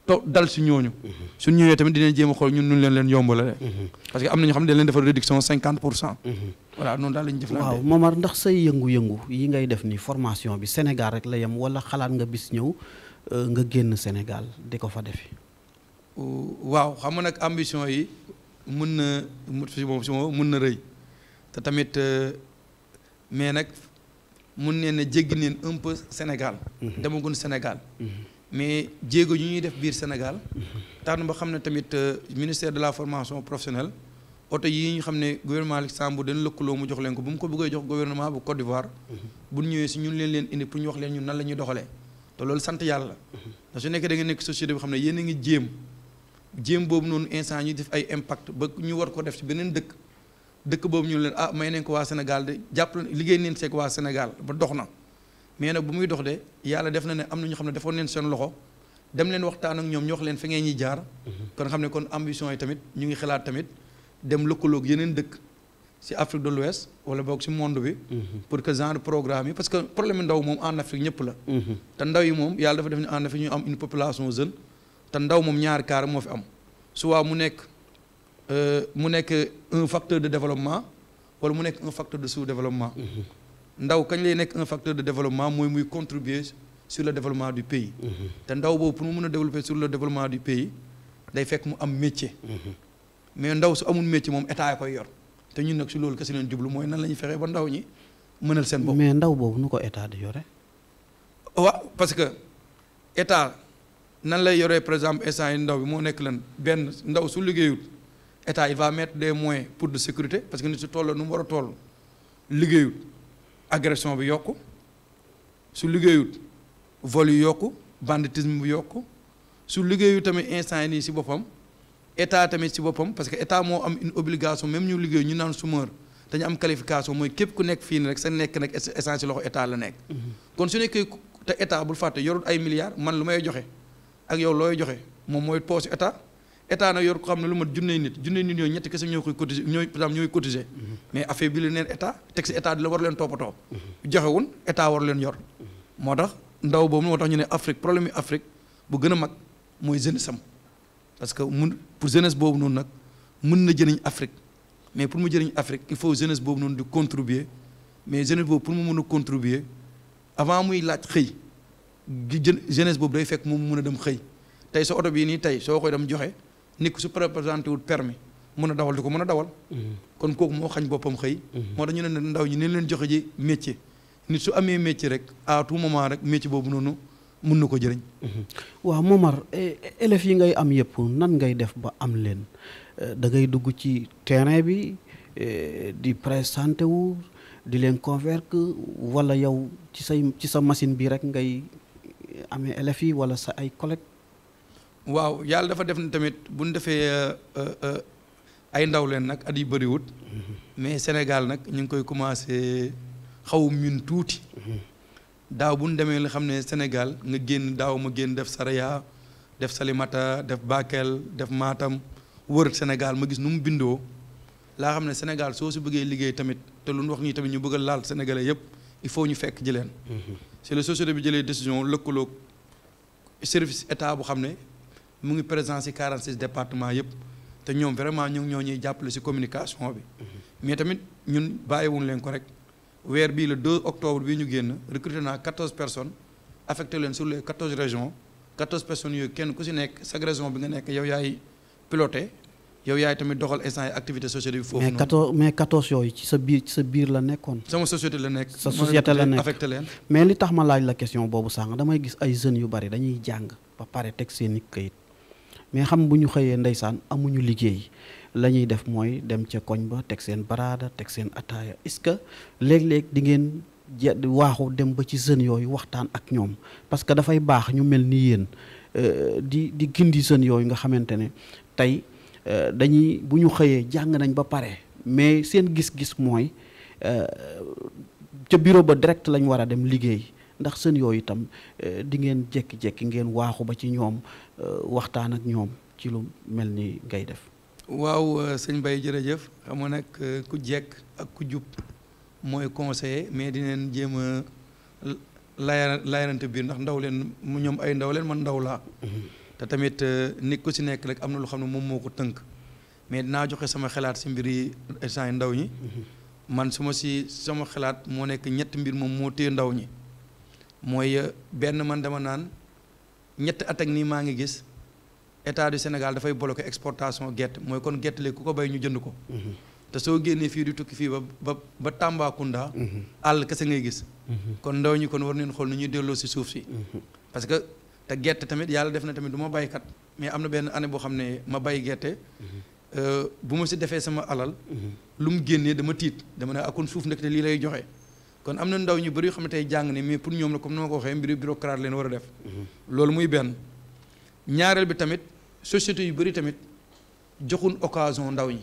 [SPEAKER 2] to dal si ñooñu mm-hmm. suñ ñëwee tamit dina jéem a xool ñun ñu leen leen yombale mm-hmm. parce que am na ñoo xam ne dañ leen defal réduction cinquante
[SPEAKER 1] pour cent mm-hmm. voilà noonu daal lañu jëflante waaw Momar yëngu-yëngu yi ngay def nii formation bi Sénégal rek la yem wala xalaat nga bis ñëw euh, nga génn Sénégal di ko fa defi
[SPEAKER 2] waaw xam nga nag ambition yi mun na si moom si moom mun na rëy te tamit euh, mais nag mun ne ne jéggi neen un peu Sénégal demagun Sénégal mais jéego yu ñuy def biir Sénégal tax na ba xam ne tamit euh, ministère de la formation professionnelle oto yi ñu xam ne gouvernement Luxembourg dañ lëkkaloo mu jox leen ko bu mu ko bëggee jox gouvernement bu Côte d'Ivoire bu ñu ñun leen leen indi pour ñu wax leen ñun nan la ñuy loolu sant yàlla ndax nekk société bi xam ne yéen ngi jéem jéem boobu noonu instant ñuy def ay impact ba ñu war ko def si beneen dëkk dëkk boobu ñu leen ah may nañ ko waa Sénégal de jàpp liggéey neen seeg waa Sénégal ba dox na mais nag bu muy dox de yàlla def na ne am na ñu xam ne defoon neen seen loxo dem leen waxtaan ak ñoom ñu wax leen fi ngeen ñuy jaar. Mm-hmm. kon xam ne kon ambition yi tamit ñu ngi xalaat tamit dem lëkkaloog yeneen dëkk si Afrique de l'Ouest wala boog si monde bi. Mm-hmm. pour que genre programme yi parce que problème ndaw moom en Afrique ñëpp la. Mm-hmm. te ndaw yi moom yàlla dafa def ne en Afrique ñu am une population jeune te ndaw moom ñaari kaar moo fi am soit mu nekk euh, mu nekk un facteur de développement wala mu nekk un de sous développement. ndaw kañ lay nekk un facteur de développement mooy muy contribuer sur le développement du pays. Mm-hmm. te ndaw boobu pour mu mën a développer sur le développement du pays day fekk mu am métier. Mm-hmm. mais ndaw su amul métier moom état koy yor te ñun nag si loolu kese leen jublu mooy nan la ñuy fexee ba ndaw ñi
[SPEAKER 1] mënal seen bopp. mais ndaw boobu nu ko état di
[SPEAKER 2] yore. wa parce que état nan lay yore par exemple instant yu ndaw bi moo nekk lan benn ndaw su liggéeyul état il va mettre des moyens pour de sécurité parce que nit su toll nu mu war a toll liggéeyul. agression bi yokk su liggéeyul vol yu yokk banditisme bi yokk su liggéeyu tamit instant yi nii si boppam état tamit si boppam parce que état moo am une obligation même ñu liggéey ñu naan chômeur dañu am qualification mooy képp ku nekk fii nii rek sa nekk nag essence si loxo état la nekk. Mm-hmm. kon su nekkee te état bul fàtte yorul ay milliards man lu may joxe ak yow looy joxe moom mooy poche état. état nag yor ko xam ne lu mat junney nit junney nit yooyu ñetti kese ñoo koy cotiser ñooy par exemple ñooy cotiser mm-hmm. mais affaire bi la neen état teg si état di la war leen toppatoo mm-hmm. joxewun état war leen yor
[SPEAKER 3] mm-hmm.
[SPEAKER 2] moo tax ndaw boobu moo tax ñu ne Afrique problème yi Afrique bu gën a mag mooy jeunesse am parce que mun pour jeunesse boobu noonu nag mun na jëriñ Afrique mais pour mu jëriñ Afrique il faut jeunesse boobu noonu di contribuer mais jeunesse boobu pour mu mun a contribuer avant muy laaj xëy jeunesse boobu day fekk moom mun a dem xëy tey sa oto bii nii tey soo koy dem joxe nit ku su présenté wul permis mën a dawal di ko mën a dawal. Mm-hmm. kon kooku moo xañ boppam xëy. Mm-hmm. moo tax ñu ne ndaw ñi ne leen joxe ji métier nit su amee métier rek à tout
[SPEAKER 1] moment rek métier boobu noonu mun na ko jëriñ. Mm-hmm. waaw Momar e, élèves yi ngay am yëpp nan ngay def ba am leen e, da ngay dugg ci terrain bi e, di présenté wu di leen convaincre wala yow ci say ci sa machine bi rek ngay amee élèves yi wala sa ay collègues.
[SPEAKER 2] waaw yàlla dafa def na tamit bu ñu defee euh, euh, euh, ay ndaw leen nag at yu bëriwut mm-hmm. mais Sénégal nag ñu ngi koy commencé xaw min tuuti mm-hmm. daaw bu ñu demee li xam ne Sénégal nga génn daaw ma génn def Saraya def Salimata def Bakel def maatam wër Sénégal ma gis nu mu bindoo laa xam ne Sénégal soo si bëggee liggéey tamit te lu ñu wax nii tamit ñu bëgg a laal Sénégalais yëpp il faut ñu fekk ji leen. Mm-hmm. c'est la société bi jëlee décision lëkkaloog service état bu xam ne. mu ngi présent ci 46 départements yëpp te ñoom vraiment ñu ngi ñoo ñuy jàppale si communication bi mhm. mais tamit ñun bàyyiwuñ leen ko rek weer bii le 2 octobre bii ñu génn recruté naa 14 personnes affecté leen sur les 14 région 14 personnes yooyu kenn ku si nekk chaque région bi nga nekk yow yaay piloté yow yaay tamit doxal instant yi activité société bi foofu mais 14
[SPEAKER 1] mais 14 yooyu ci sa biir ci sa biir la nekkoon.
[SPEAKER 2] sama société la nekk. sa société la leen.
[SPEAKER 1] mais li tax ma la question boobu sànq damay gis ay jeunes yu bari dañuy jàng ba pare teg seen i këyit. mais xam bu ñu xëyee ndeysaan amuñu liggéey la ñuy def mooy dem ca koñ ba teg seen baraada teg seen ataaya est-ce que léeg di ngeen waaxu dem ba ci jeunes yooyu waxtaan ak ñoom parce que dafay baax ñu mel ni yéen euh, di di gindi jeunes yooyu nga xamante ne tey euh, dañuy bu ñu xëyee jàng nañ ba pare mais seen gis-gis mooy euh, ca bureau ba direct lañ war a dem liggéey ndax seen yooyu itam eh, di ngeen jekki jékki ngeen waaxu ba ci ñoom eh, waxtaan ak ñoom ci lu mel ni ngay def.
[SPEAKER 2] waaw eh, sëñ Baye jërëjëf xam nga nag ku jekk ak ku jub mooy conseiller mais dineen jéem a laya layarante biir ndax ndaw leen mu ñoom ay leen man ndaw laa. Mm-hmm. te tamit nit ku si nekk rek am na lu xam ne moom moo ko tënk mais dinaa joxe sama xalaat si mbir yi ndaw ñi. Mm-hmm. man suma si sama xalaat moo nekk ñetti mbir moom moo téye ndaw ñi. mooy euh, benn man dama naan ñett at ak nii maa ngi gis état du Sénégal dafay bloqué exportation gerte mooy kon gerte léegi ku ko bay ñu jënd ko. Mhm. te soo génnee fii di tukki fii ba ba ba Tambacounda. Mhm. àll kese ngay gis. Mhm. kon ndaw ñi kon war neen xool nu ñuy delloo si suuf si. parce que te gerte tamit yàlla def na tamit du ma baykat mais am na benn année boo xam ne ma bay gerte. Euh, bu ma si defee sama alal. lu mu génnee dama tiit dama ne ah kon suuf nag te lii lay joxe. kon am na ndaw ñu bëri yoo xam ne tey jàng ne mais pour ñoom la comme ni ma ko waxee mbiru a def. Mhm. loolu muy benn ñaareel bi tamit société yu bëri tamit joxun occasion ndaw ñi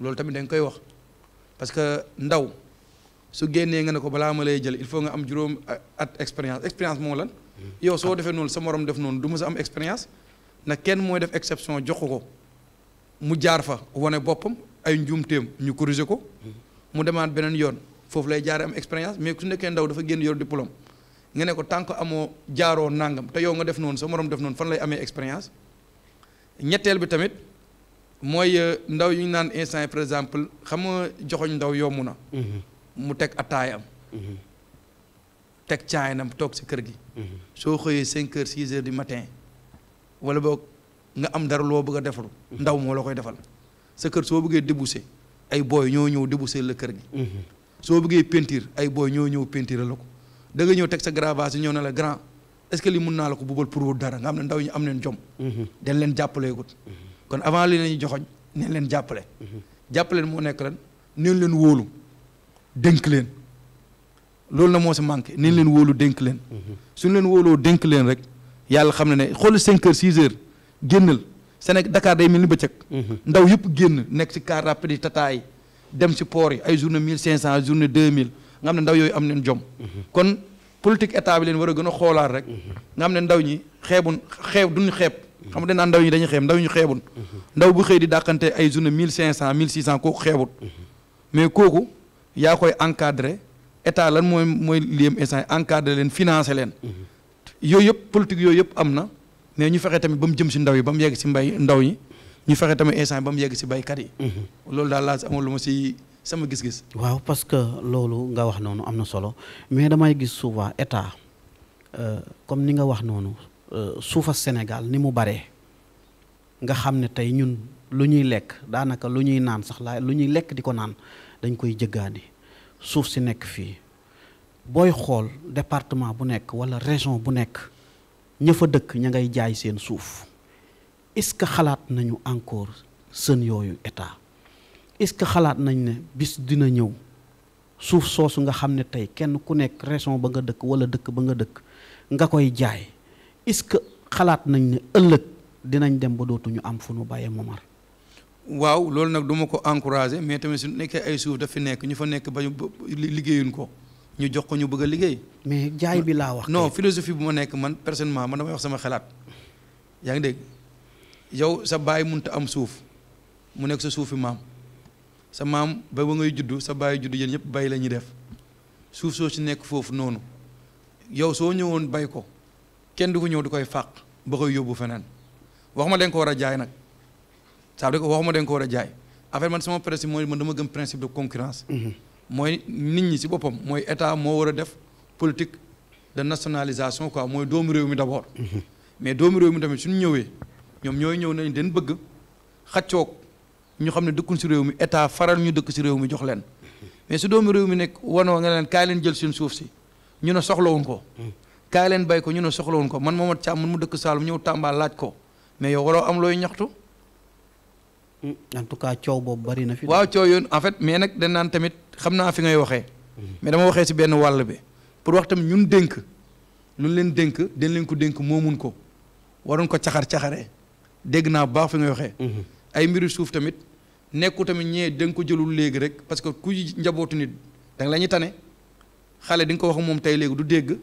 [SPEAKER 2] loolu tamit dañ koy wax parce que ndaw su génnee nga ne ko balaa ma lay jël il faut nga am juróom at expérience expérience moo lan. Mhm. yow soo defee noonu sa morom def noonu du ma sa am expérience nag kenn mooy def exception jox ko mu jaar fa wane boppam ay njuumteem ñu corriger ko mhm. mu demaat beneen yoon. foofu lay jaare am expérience mais ku nekkee ndaw dafa génn yor diplôme nga ne ko tant que amoo jaaroo nangam te yow nga def noonu sa morom def noonu fan lay amee expérience ñetteel bi tamit mooy euh, ndaw yu ñu naan instant par exemple xam nga joxoñ ndaw yomb na. Mhm. mu teg attaay am. Mhm. teg caay na mu toog si kër gi. Mhm. soo xëyee cinq heures 6 heures du matin wala boog nga am dara loo bëgg a defaru ndaw moo la koy defal sa kër soo bëggee débouché ay booy ñoo ñëw débouché la kër gi. soo bëggee peinture ay booy ñoo ñëw peinture la ko da nga ñëw teg sa gravage ñëw na la grand est-ce que li mun naa la ko bubal pour wut dara nga xam ne ndaw ñu am leen jom. Mhm. dañ leen jàppaleegut. Mhm. kon avant li nañu joxoñ neen leen jàppale. Mhm. jàppale moo nekk lan neen leen wóolu dénk leen loolu na moo si manqué neen leen wóolu dénk leen. suñu leen wóoloo dénk leen rek yàlla xam na ne xool 5 heures 6 heures génnal Sénégal Dakar day mel ni bëccëg. ndaw yëpp génn nekk si car rapide yi dem si port yi ay journée mille cinq cent journée deux mille nga xam ne ndaw yooyu am nañ jom kon politique état bi leen war a gën a xoolaat rek nga ne ndaw ñi xeebun xeeb duñu xeeb xam nga dañ ndaw ñi dañuy xeeb ndaw ñu xeebun ndaw bu xëy di dàqante ay journée mille cinq cent mille six cent kooku xeebut mais kooku yaa koy encadré état lan mooy mooy liem instant encadré leen financé leen yooyu yëpp politique yooyu yëpp am na mais ñu fexe tamit ba mu jëm si ndaw yi ba mu yegg si mbay ndaw ñi ñu fexe tamit instant ba mu yegg si baykat yi. Mhm. loolu daal laa si amoon lu ma si sama
[SPEAKER 1] gis-gis. waaw parce que loolu nga wax noonu am na solo mais damay gis souvent état euh, comme ni nga wax noonu euh, suufa Sénégal ni mu baree nga xam ne tey ñun lu ñuy lekk daanaka lu ñuy naan sax laa lu ñuy lekk di ko naan dañ koy jëggaani suuf si nekk fii booy xool département bu nekk walla région bu nekk ña dëkk ña ngay jaay seen suuf. est-ce que xalaat nañu encore seen yooyu état est-ce que xalaat nañ ne bis dina ñëw suuf soosu nga xam ne tey kenn ku nekk région ba nga dëkk wala dëkk ba nga dëkk nga koy jaay est-ce que xalaat nañ ne ëllëg dinañ dem ba dootuñu am fu nu bàyyee Momar
[SPEAKER 2] waaw loolu nag du ma ko encourager mais tamit su nekkee ay suuf daf nekk ñu fa nekk ba liggéeyuñ ko ñu jox ko ñu bëgg liggéey.
[SPEAKER 1] mais jaay bi laa wax.
[SPEAKER 2] non philosophie bu ma nekk man personnellement man damay wax sama xalaat yaa ngi dégg. yow sa baay munta am suuf mu nekk sa suufi maam sa maam ba ba ngay juddu sa baay juddu yéen ñëpp bay la ñuy def suuf soo si nekk foofu noonu yow soo ñëwoon bay ko kenn du ko ñëw du koy fàq ba koy yóbbu feneen waxuma dañ ko war a jaay nag ça veut dire waxuma dañ ko war a jaay affaire man sama principe mooy man dama gëm principe de concurrence mhm. mooy nit ñi si boppam mooy état moo war a def politique de nationalisation quoi mooy doomu réew mi d'abord mhm. mais doomu réew mi tamit suñu ñëwee ñoom ñooy ñëw nañ den bëgg xaccoog ñu xam ne dëkkuñ si réew mi état faral ñu dëkk si réew mi jox leen mais su doomu réew mi nekk wanoo nga leen kaay jël seen suuf si ñu ne soxlawuñ ko kaay leen bay ko ñu ne ko man Momar Thiam man mu dëkk Saalum ñëw Tamba laaj ko mais yow waroo am looy
[SPEAKER 1] ñaxtu en tout cas coow boobu bari na fi waaw
[SPEAKER 2] coow yoon en fait mais nag dañ naan tamit xam naa fi ngay waxee mais dama waxee si benn wàll bi pour wax tam ñun dénk lu leen dénk dañ leen ko dénk moomun ko waroon ko caxar-caxaree dégg naa baax fi nga waxee. Mhm. ay mbiru suuf tamit nekku tamit ñee da nga ko jëlul léegi rek parce que ku njabootu nit da nga la ñu tane xale di nga ko wax moom tey léegi du dégg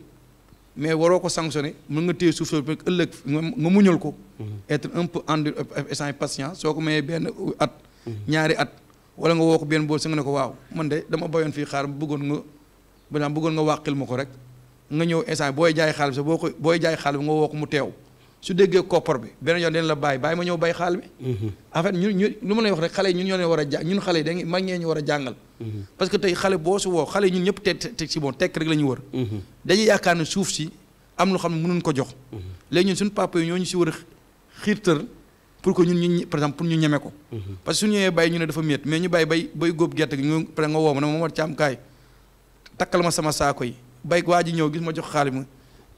[SPEAKER 2] mais waroo ko sanctionné mën nga téye suuf soo ëllëg nga muñal ko. Mhm. être un peu endur et soo ko mayee benn at. Mhm. ñaari at wala nga woo ko benn bool si nga ne ko waaw man de dama bayoon fii xaar bëggoon nga maanaam bëggoon nga wàqil ma ko rek nga ñëw instant booy jaay xaalis boo ko booy jaay xaalis nga woo ko mu teew. su déggee koppar bi benn yoon leen la bàyyi bàyyi ma ñëw bay xaal bi mm-hmm. en fait ñu lu ma lay war a jàng ñun xale yi dañuy mag ñee ñu war a jàngal mm-hmm. parce que tey xale boo su woo xale ñun ñëpp te te si bon tekk rek la ñu wër mm-hmm. dañuy yaakaar ne suuf si am lu xam ne mënuñ ko jox léegi ñun suñu papa yi ñoo ñu si war a xiirtal pour que ñun ñu par exemple pour ñu ñeme ko parce que suñu ñëwee bay ñu ne dafa méet mais ñu bàyyi bay bay góob gerte gi ñu pare nga woo ma ne moom war caam kaay takkal sama saako yi bay waa ji ñëw gis ma jox xaalis ma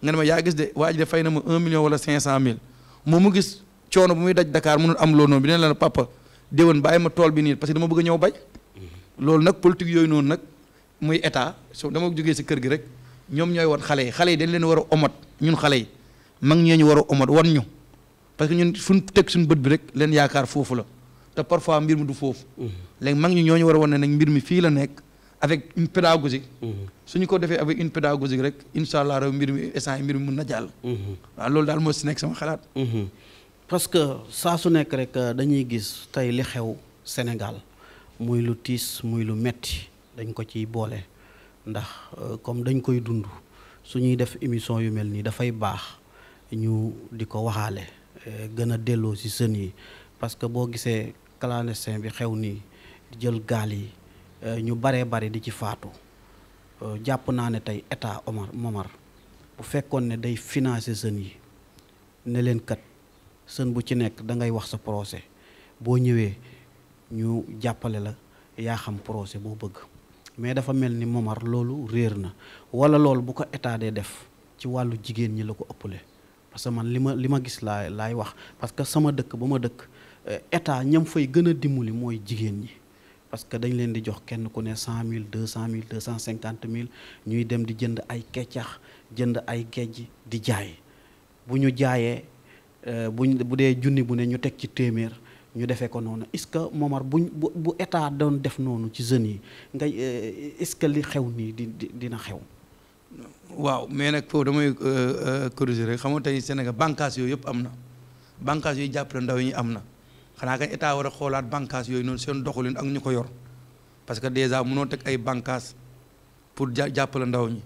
[SPEAKER 2] nga ne ma yaa gis de waa ji de fay na ma un million wala cinq cent mille moom mu gis coono bu muy daj dakaar mënul am loolu noonu bi ne la papa déwén bàyyi ma tool bi nii parce que dama bëgg a ñëw bay loolu nag politique yooyu noonu nag muy état soo dama jógee si kër gi rek ñoom ñooy wan xale yi xale yi dañ leen war a omot ñun xale yi mag ñee ñu war a omot wan ñu parce que ñun suñ teg suñu bët bi rek leen yaakaar foofu la te parfois mbir mi du foofu mm-hmm. léegi mag ñi ñoo ñu war a wan ne nag mbir mi fii la nekk avec une pédagogie. Mhm. su ñu ko defee avec une pédagogie rek incha allah mbir mi
[SPEAKER 1] instant mbir mi mun na jàll. Mhm. waaw loolu daal moo si nekk sama xalaat. Mhm. parce que saa su nekk rek euh, dañuy gis tey li xew Sénégal muy lu tiis muy lu metti dañ ko ciy boole ndax euh, comme dañ koy dund su ñuy def émission yu mel nii dafay baax ñu di ko waxaale euh, gën a delloo ci sën yi parce que boo gisee clandestin bi xew nii jël gaal yi. Euh, ñu baree bari di ci faatu euh, jàpp naa ne tey état Omar Momar bu fekkoon ne day financer jeunes yi ne leen kat sën bu ci nekk da ngay wax sa procès boo ñëwee ñu jàppale la yaa xam procès boo bëgg mais dafa mel ni Momar loolu réer na wala lool bu ko état dee def ci wàllu jigéen ñi la ko ëppale parce que man li ma li ma gis laa laay wax parce que sama dëkk ba ma dëkk euh, état ñam fay gën a dimbali mooy jigéen ñi parce que dañ leen di jox kenn ku ne cent mille deux cent mille deux cent cinquante mille ñuy dem di jënd ay keccax jënd ay gejj di jaay bu ñu jaayee euh, buñ bu dee junni bu ne ñu teg ci téeméer ñu defee ko noonu est-ce que Momar buñ bu bu état doon def noonu ci jeunes yi ngay euh, est-ce que li xew nii di dina xew.
[SPEAKER 2] waaw mais nag foofu damay euh, corriger rek xam nga Sénégal bànqaas yooyu yëpp am na bànqaas yooyu jàppale ndaw ñi am na. xanaa kañ état war a xoolaat bànqaas yooyu noonu seen doxalin ak ñu ko yor parce que dèjà mënoo teg ay bànqaas pour jàppale ndaw ñi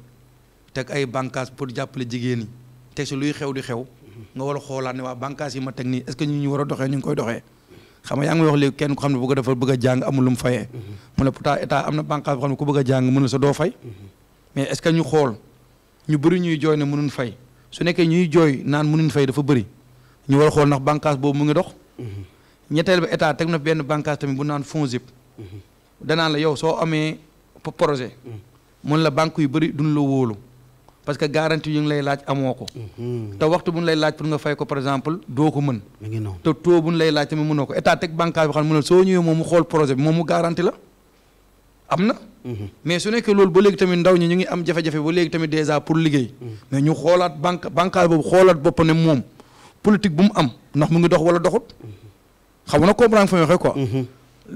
[SPEAKER 2] teg ay bànqaas pour jàppale jigéen ñi teg si luy xew di xew nga war a xoolaat ne waa bànqaas ma teg nii ñu ñu war a doxee ñu ngi koy doxee xam nga yaa ngi wax léegi kenn xam ne bu ko dafa bëgg a jàng amul lu mu fayee mu ne pourtant am na bànqaas boo xam ne ku bëgg a jàng mënul sa doo fay mais est que ñu xool ñu bëri ñuy jooy ne mënuñ fay su nekkee ñuy jooy naan mënuñ fay dafa bëri ñu war a xool ndax bànqaas boobu mu ngi dox ñetteel ba état teg na benn bànqaas tamit bu naan fonds yëpp mhm. danaa la yow soo amee projet mhm. mun la banque yu bari duñ la wóolu parce que garantie yu ngi lay laaj amoo ko mhm. te waxtu bu ñu lay laaj pour nga fay ko par exemple doo ko mën te taux bu ñu lay laaj tamit mënoo ko état teg bànqaas bi xam ne mu ne soo ñëwee moom mu xool projet bi moom mu garantie la am na mais su nekkee loolu ba léegi tamit ndaw ñi ñu ngi am jafe-jafe ba léegi tamit déjà pour liggéey mais ñu xoolaat banque bànqaas boobu xoolaat bopp ne moom politique bu mu am ndax mu ngi dox wala doxut xaw na comprendre fa waxee quoi. Mhm.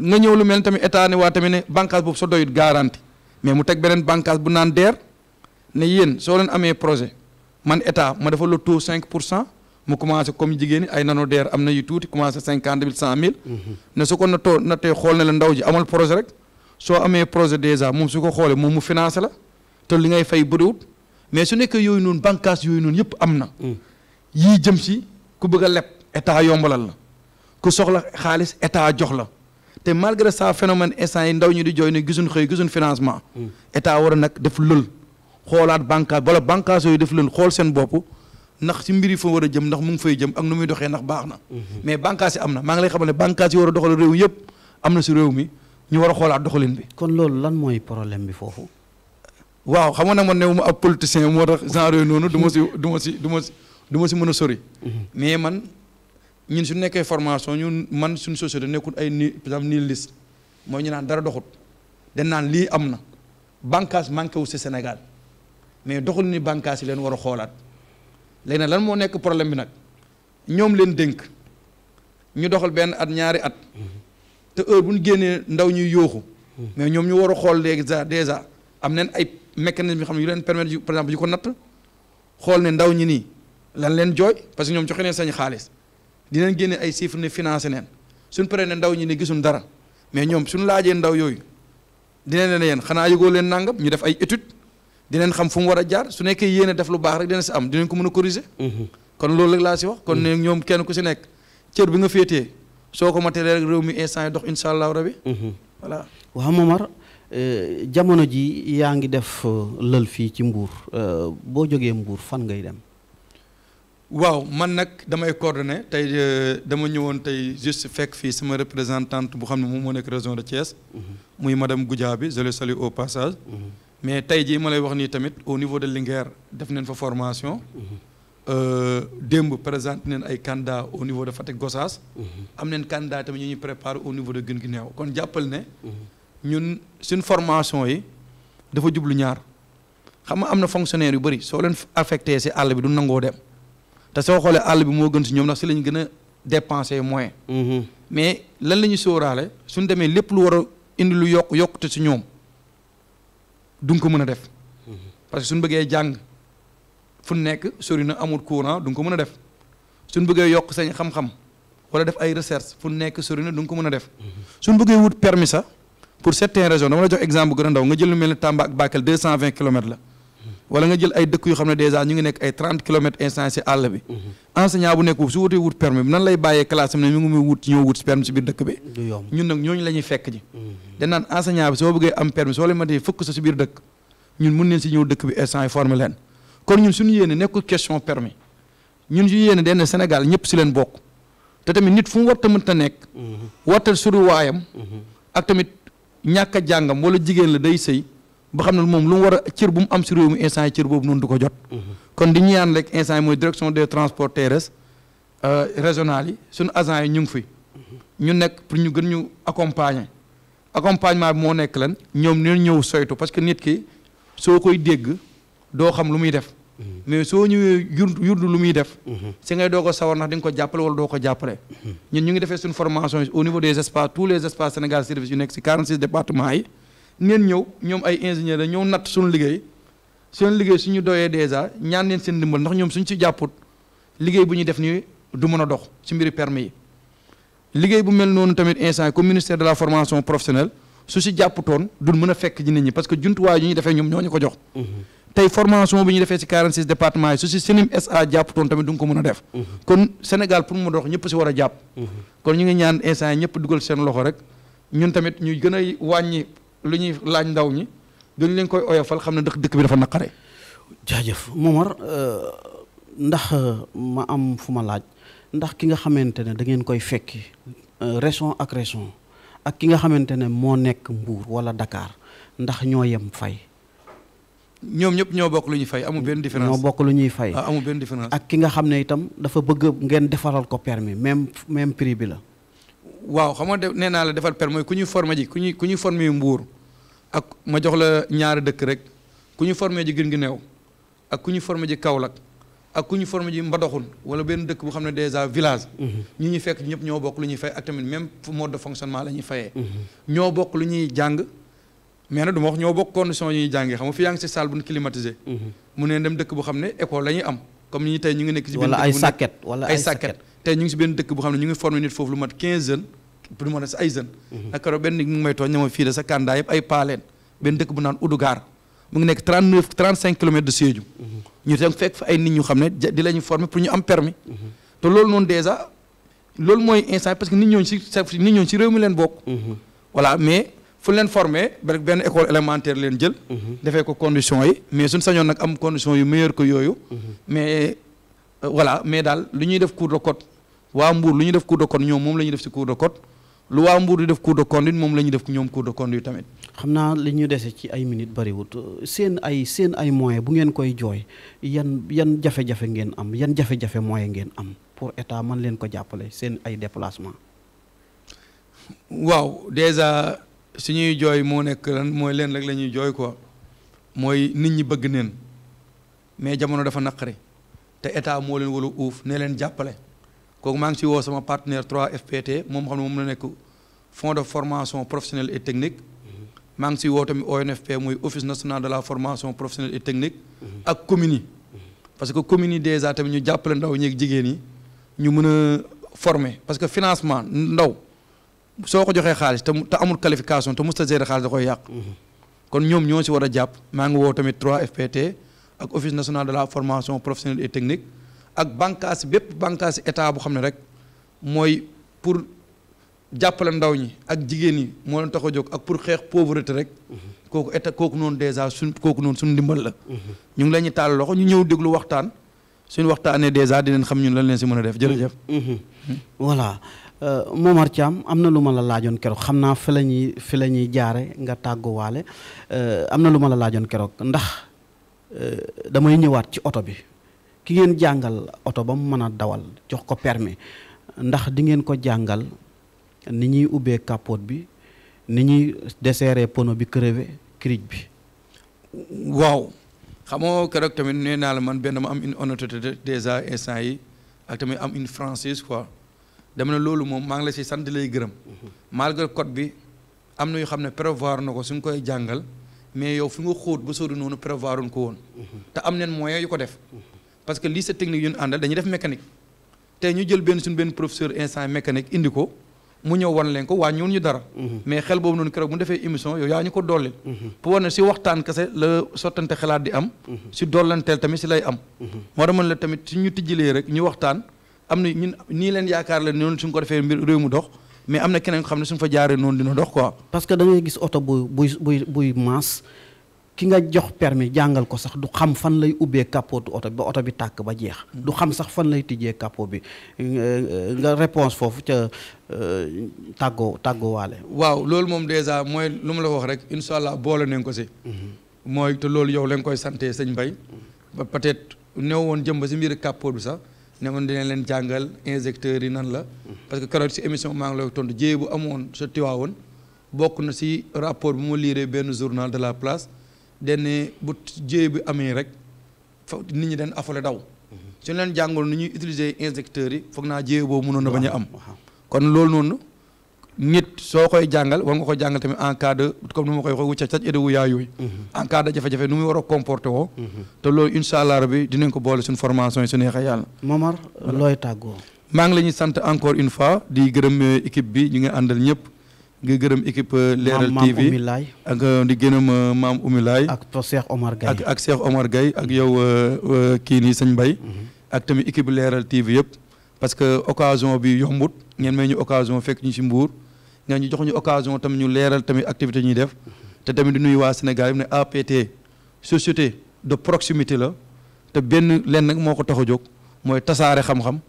[SPEAKER 2] nga ñëw lu mel ni tamit état ne waa tamit ne bànqaas boobu soo doyut garanti mais mu teg beneen bànqaas bu naan deer ne yéen soo leen amee projet man état ma defal la taux 5 pour cent mu commencé comme jigéen ñi ay nano deer am na yu tuuti commencé cinquante mille cent mille. Mhm. ne su ko na too na tey xool ne la ndaw ji amal projet rek soo amee projet dèjà moom su ko xoolee moom mu financé la te li ngay fay bëriwut mais su nekkee yooyu noonu bànqaas yooyu noonu yëpp am na. Mm. yii jëm si ku bëgg a leb état yombalal la. ku soxla xaalis état jox la te malgré sa phénomène instant yi ndaw ñu di jooy ne gisuñ xëy gisuñ financement. Hmm. état war a nag def lël xoolaat banque wala banques yooyu def lël xool seen bopp. ndax si mbir yi fa war a jëm ndax mu ngi fay jëm ak nu muy doxee ndax baax na. Hmm. mais bànqaas yi am na maa ngi lay xamal ne bànqaas yi war a doxal réew yëpp am na si réew mi ñu war a xoolaat doxalin bi. kon loolu lan mooy problème bi foofu. waaw xam nga nag man néew ma ab politicien moo tax genre noonu du si du ma si du ma du ma si mën a sori. Hmm. ñun su nekkee formation ñun man suñu société nekkul ay ni par exemple nii liste mooy ñu naan dara doxut dañ naan lii am na bànqaas manqué wu si Sénégal mais doxul ni bànqaas yi leen war a xoolaat léegi nag lan moo nekk problème bi nag ñoom leen dénk ñu doxal benn at ñaari at mm-hmm. te heure bu ñu génnee ndaw ñuy yooxu mm-hmm. mais ñoom ñu war a xool léegi déjà am nañ ay mécanisme yoo xam ne yu leen permettre par exemple yu ko natt xool ne ndaw ñi nii lan leen jooy parce que ñoom joxe neen sañ xaalis dinañ génne ay chiffres ne financé neen suñ paree ne ndaw ñi ne gisuñ dara mais ñoom suñ laajee ndaw yooyu dinañ leen yéen xanaa yëgoo leen nangam ñu def ay étude dinañ xam fu mu war a jaar su nekkee yéen a def lu baax rek dina si am dinañ ko mën a corriger. Mhm. kon loolu rek laa si wax. kon mhm. ne ñoom kenn ku si nekk cër bi nga féetee soo ko matee rek réew mi instant yi dox incha allahu rabi. Mhm.
[SPEAKER 1] voilà waaw Momar euh, jamono ji yaa ngi def euh, lël fii ci Mbour euh, boo jógee Mbour fan ngay dem.
[SPEAKER 2] waaw man nag damay coordonné tey euh, dama ñëwoon tey juste fekk fii sama représentante bu xam ne moom moo nekk région de Thiès. Mhm. muy madame Goudiaby je le salue au passage. Mhm. mais tey jii ma lay wax nii tamit au niveau de Linguère def nañ fa formation. Mhm. Euh, démb présenté nañ ay candidats au niveau de Fatick Gossas. am nañ candidat tamit ñu ñuy préparé au niveau de Gën gi neew kon jàppal ne. ñun suñ formation yi dafa jublu ñaar xam nga am na fonctionnaire yu bëri soo leen affecté si àll bi du nangoo dem. te soo xoolee àll bi moo gën si ñoom ndax si lañ gën a dépenser moyen mm-hmm. mais lan la ñu sóoraale suñ demee lépp lu war a indi lu yokk yokkute si ñoom duñ ko mën a def mm-hmm. parce que suñ bëggee jàng fu nekk sori na amul courant duñ ko mën a def suñ bëggee yokk sañ xam-xam wala def ay recherche fu nekk sori na ko mën a def mm-hmm. suñ bëggee wut permis sax pour certaines raisons dama la jox exemple bu gën a ndaw nga jël lu mel ne Tamba ak Bakel la wala nga jël ay dëkk yoo xam ne dèjà ñu ngi nekk ay trente kilomètres instant si àll bi enseignant bu nekk su wutee wut permis bi nan lay bàyyee classe am ne ñu ngi wut ci ñoo wut permis si biir dëkk ñun nag ñooñu la ñuy fekk ji mm-hmm. dañ naan enseignant bi soo bëggee am permis soo leen matee fukk sa si biir dëkk ñun mun neen si ñëw dëkk bi instant yi former leen kon ñun suñu yéene nekkul question permis ñun su yéene denn Sénégal ñëpp si leen bokk te tamit nit fu mu warta ta nekk mm-hmm. warta suru waayam
[SPEAKER 3] mm-hmm.
[SPEAKER 2] ak tamit ñàkk jàngam wala jigéen la day sëy ba xam ne moom lu mu war a cër bu mu am si réew mi instant yi cër boobu noonu du ko jot. Mhm. kon di ñaan rek instant yi mooy direction des transports terrestres euh, régional yi suñu agent yi ñu ngi fi. Mhm. ñu nekk pour ñu gën ñu accompagner accompagnement bi moo nekk len ñoom ñu ñëw soytu parce que nit ki soo koy dégg doo xam lu muy def. Mhm. mais soo ñëwee yurdu lu muy def. si ngay doo ko sawar ndax di nga ko jàppale wala doo ko jàppale. ñun ñu ngi defee suñu formation au niveau si 46 départements yi. ngeen ñëw ñoom ay ingénieur la ñëw natt suñu liggéey seen liggéey suñu doyee dèjà ñaan leen seen ndimbal ndax ñoom suñ ci jàpput liggéey bu ñuy def nii du mën a dox ci mbiri permis yi liggéey bu mel noonu tamit instant comme ministère de la formation professionnelle su si jàpputoon dul mën a fekk ji nit ñi parce que jumtuwaay yu ñuy defee ñoom ñoo ñu ko jox mhm. tey formation bi ñu defee si 46 départements yi su si Senim SA jàpputoon tamit du nga ko mën a def mhm. kon Sénégal pour mu dox ñëpp si war a jàpp mhm. kon ñu ngi ñaan instant yi ñëpp dugal seen loxo rek ñun tamit ñu gën a lu ñuy
[SPEAKER 1] laaj ndaw ñi dañ leen koy oyofal xam ne dëkk dëkk bi dafa naqare. jaajëf Momar euh, ndax euh, ma am fu ma laaj ndax ki nga xamante ne da ngeen koy fekki euh, raison ak raison ak ki nga xamante ne moo nekk Mbour wala Dakar ndax ñoo yem fay.
[SPEAKER 2] ñoom ñëpp ñoo bokk lu ñuy fay amul benn différence ñoo bokk lu ñuy fay. Ah, amul benn différence
[SPEAKER 1] ak ki nga xam ne itam dafa bëgg ngeen defaral ko permis même même prix bi la.
[SPEAKER 2] waaw xam nga de nee naa la defal per mooy ku ñuy formé ji ku ñuy ku ñuy formé mbuur ak ma jox la ñaari dëkk rek ku ñu formé ji gën gi neew ak ku ñu formé ji Kaolack ak ku ñu formé ji Mbadoxun wala benn dëkk bu xam ne déjà village. Mhm. ñi ñu fekk ñëpp ñoo bokk lu ñuy fay ak tamit même mode de fonctionnement la ñuy fayee. Mhm. ñoo bokk lu ñuy jàng mais nag du ma wax ñoo bokk condition yi ñuy jàngee xam nga fi yaa ngi si salle bu ñu climatisé. Mhm. mu neen dem dëkk bu xam ne école la ñuy am comme ñi tey ñu ngi nekk. ci benn ay sàkket wala ay sàkket te ñu ngi si benn dëkk bu xam ne ñu ngi formé nit foofu lu mat 15 jeunes pour mu ne si ay jeunes. d'accord mhm. benn sa candidat dëkk bu naan Oudugar mu ngi nekk 39 35 kilomètres de Sédhiou. Mhm. ñu dem fekk fa ay nit ñu xam ne di la ñu former pour ñu am permis mhm. te loolu noonu déjà loolu mooy instant parce que nit ñooñu si nit mi leen bokk. voilà mais fu leen formé benn école élémentaire leen jël. defee ko conditions yi mais suñ sañoon nag am conditions yu meilleures waa Mbour lu ñu def cour de compte ñoom moom
[SPEAKER 1] la ñu def si cour de compte lu waa Mbour di def cour de conduite moom la ñu def ñoom cour de conduite tamit. xam naa li ñu dese ci ay minutes bariwut seen ay seen ay moyens bu ngeen koy jooy yan yan jafe-jafe ngeen am yan jafe-jafe moyens ngeen am pour état man leen ko jàppale seen ay déplacement
[SPEAKER 2] waaw déjà suñuy jooy moo nekk lan mooy leen rek la ñuy jooy ko mooy nit ñi bëgg neen mais jamono dafa naqari te état moo leen wala uuf ne leen jàppale. kooku maa ngi si woo sama partenaire 3FPT moom xam ne moom la nekk fonds de formation professionnelle et technique mm-hmm. maa ngi si woo tamit ONFP muy office national de la formation professionnelle et technique mm-hmm. ak communes yi mm-hmm. parce que communes yi dèjà tamit ñu jàppale ndaw ñeeg jigéen yi ñu mën a former parce que financement ndaw soo ko joxee xaalis te te amul qualification te musta gérer xaalis da koy yàq kon ñoom ñoo si war a jàpp maa ngi woo tamit 3FPT ak office national de la formation professionnelle et technique ak banque bànqaas bépp si état bu xam ne rek mooy pour jàppale ndaw ñi ak jigéen ñi moo leen tax a jóg ak pour xeex pauvreté rek mm-hmm. kooku état kooku noonu dèjà suñ kooku noonu suñu ndimbal la mm-hmm. ñu ngi leen ñu taal loxo ñu ñëw déglu waxtaan suñu waxtaanee dèjà dinañ xam ñun lan leen si mën a def jërëjëf mm-hmm. hmm?
[SPEAKER 1] voilà euh, Momar Thiam am na lu ma la laajoon keroog xam naa fi la ñuy fi la ñuy jaare nga tàgguwaale euh, am na lu ma la laajoon keroog ndax euh, damay ñëwaat ci oto bi ki ngeen jàngal oto ba mu mën a dawal jox ko permis ndax di ngeen ko jàngal ni ñuy ubbee capote bi ni ñuy desserrer pono bi crever cric bi. waaw
[SPEAKER 2] xamoo keroog tamit nee naa la man benn ma am une honnêteté déjà instant yi ak tamit am une franchise quoi dama na loolu moom maa ngi la si sant di lay gërëm. Mm-hmm. malgré code bi am na yoo xam ne prévoir na ko su koy jàngal mais yow fi nga xóot ba sóodu noonu prévoir prévoiruñ ko woon. Mm-hmm. te am neen moyen yu ko def. Mm-hmm. parce que lycée technique yu ñu àndal dañuy def mécanique tey ñu jël benn suñu benn professeur instant mécanique indi ko mu ñëw wan leen ko waa ñun ñu dara. Mhm. mais xel boobu noonu keroog bu defee émission yow yaa ñu ko dollil. Mhm. pour wane si waxtaan kese la sottante xalaat di am. Mhm. si dollanteel tamit si lay am. moo tax man la tamit si ñu tijjilee rek ñu waxtaan am na ñun nii leen yaakaar la noonu suñ ko defee mbir réew
[SPEAKER 1] mu dox. mais am na keneen xam ne suñ fa jaaree ki nga jox permis jàngal ko sax du xam fan lay ubbee capot oto bi ba oto bi tàkk ba jeex du xam sax fan lay tijjee capot bi euh, nga réponse foofu ca euh, tàggoo tàggoo waale waaw loolu
[SPEAKER 2] moom dèjà mooy lu mu la wax rek incha allah boole nañ ko si mm-hmm. mooy te loolu yow lañ koy sante sañ Mbaye ba peut être néew woon jëm ba si mbir capot bi sax ne woon dinañ leen jàngal injecteurs yi nan la mm-hmm. parce que keroog si émission maa ngi lay tontu jéye bu amoon sa tiwaawoon bokk na si rapport bu ma benn journal de la place denn bu jéey bi amee rek fa nit ñi den afale daw mhm. suñ leen jàngoon ni ñuy utiliser injecteurs yi foog naa jéey boobu mënoon na bañ a am kon loolu noonu nit soo koy jàngal war nga ko jàngal tamit en cas de comme nu ma koy waxee wucca cac edewu mhm. muy war a comporté woo mhm. te loolu incha allah dinañ ko boole suñ formation yi su neexee yàlla
[SPEAKER 1] Momar looy tàggoo
[SPEAKER 2] maa ngi la ñuy sant encore une fois di gërëm euh, équipe bi ñu ngi àndal ñëpp ngi gërëm équipe euh, Leral TV ak euh, di gërëm euh, maam Oumilaay ak Cheikh Omar Gaye ak ak Cheikh Omar Gaye ak yow kii nii sëñ Mbaye mhm. ak tamit équipe Leral TV yëpp parce que occasion bi yombut ngeen may ñu occasion fekk ñu si Mbour ngeen ñu jox ñu occasion tamit ñu leeral tamit activité ñuy def te tamit di nuyu waa Sénégal yi ne APT société de proximité la te benn lenn nag moo ko tax a jóg mooy tasaare xam-xam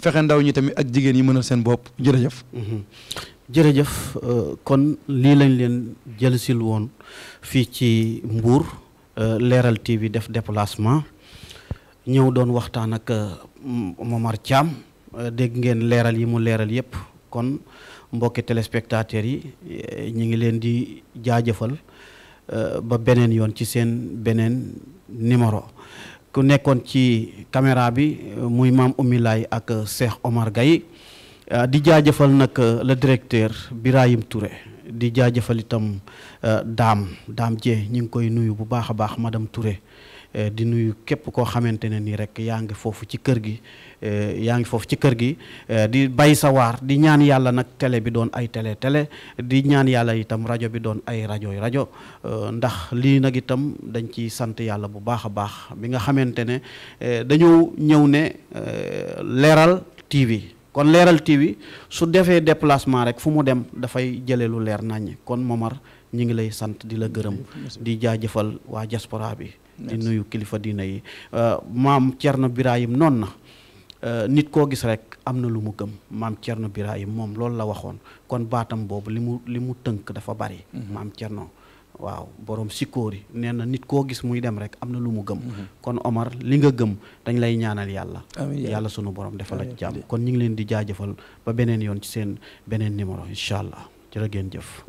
[SPEAKER 2] fexe ndaw ñi tamit ak jigéen yi mënal seen bopp jërëjëf
[SPEAKER 1] mhm. jërëjëf euh, kon lii lañ leen jëlsil woon fii ci Mbour euh, Leral TV def déplacement ñëw doon waxtaan ak euh, Momar Thiam dégg ngeen leeral yi mu leeral yépp kon mbokki téléspectateurs yi ñu ngi leen di jaajëfal ba beneen yoon ci seen beneen numéro ku nekkoon ci caméra bi muy maam Oumy ak Cheikh Omar Gaye Euh, di jaajëfal nag euh, le directeur Birahim Touré di jaajëfal itam daam daam jee ñu ngi koy nuyu bu baax a baax madame Touré euh, di nuyu képp koo xamante ne nii rek yaa ngi foofu ci kër gi yaa ngi foofu ci kër gi di bay sa di ñaan yàlla nag tele bi doon ay télé tele di ñaan yàlla itam rajo bi doon ay rajo rajo ndax lii nag itam dañ ci sant yàlla bu baax a baax bi nga xamante ne dañoo ñëw ne leeral TV. kon leeral TV su defee déplacement rek fu mu dem dafay jëlee lu leer naññ kon Momar ñu ngi lay sant di la gërëm di jaajëfal waa diaspora bi di nuyu kilifa diina yi euh, maam Thierno Birahim noon na euh, nit koo gis rek am na lu mu gëm maam Thierno Birahim moom loolu la waxoon kon baatam boobu li mu li mu tënk dafa bari mhm. maam Thierno waaw borom sikkoor yi nee na nit koo gis muy dem rek am na lu mu gëm. Mhm. kon Omar li nga gëm dañ lay ñaanal yàlla. yàlla sunu borom defal ak jàmm kon ñu ngi leen di jaajëfal ba beneen yoon ci seen beneen numéro incha allah jërë ngeen jëf.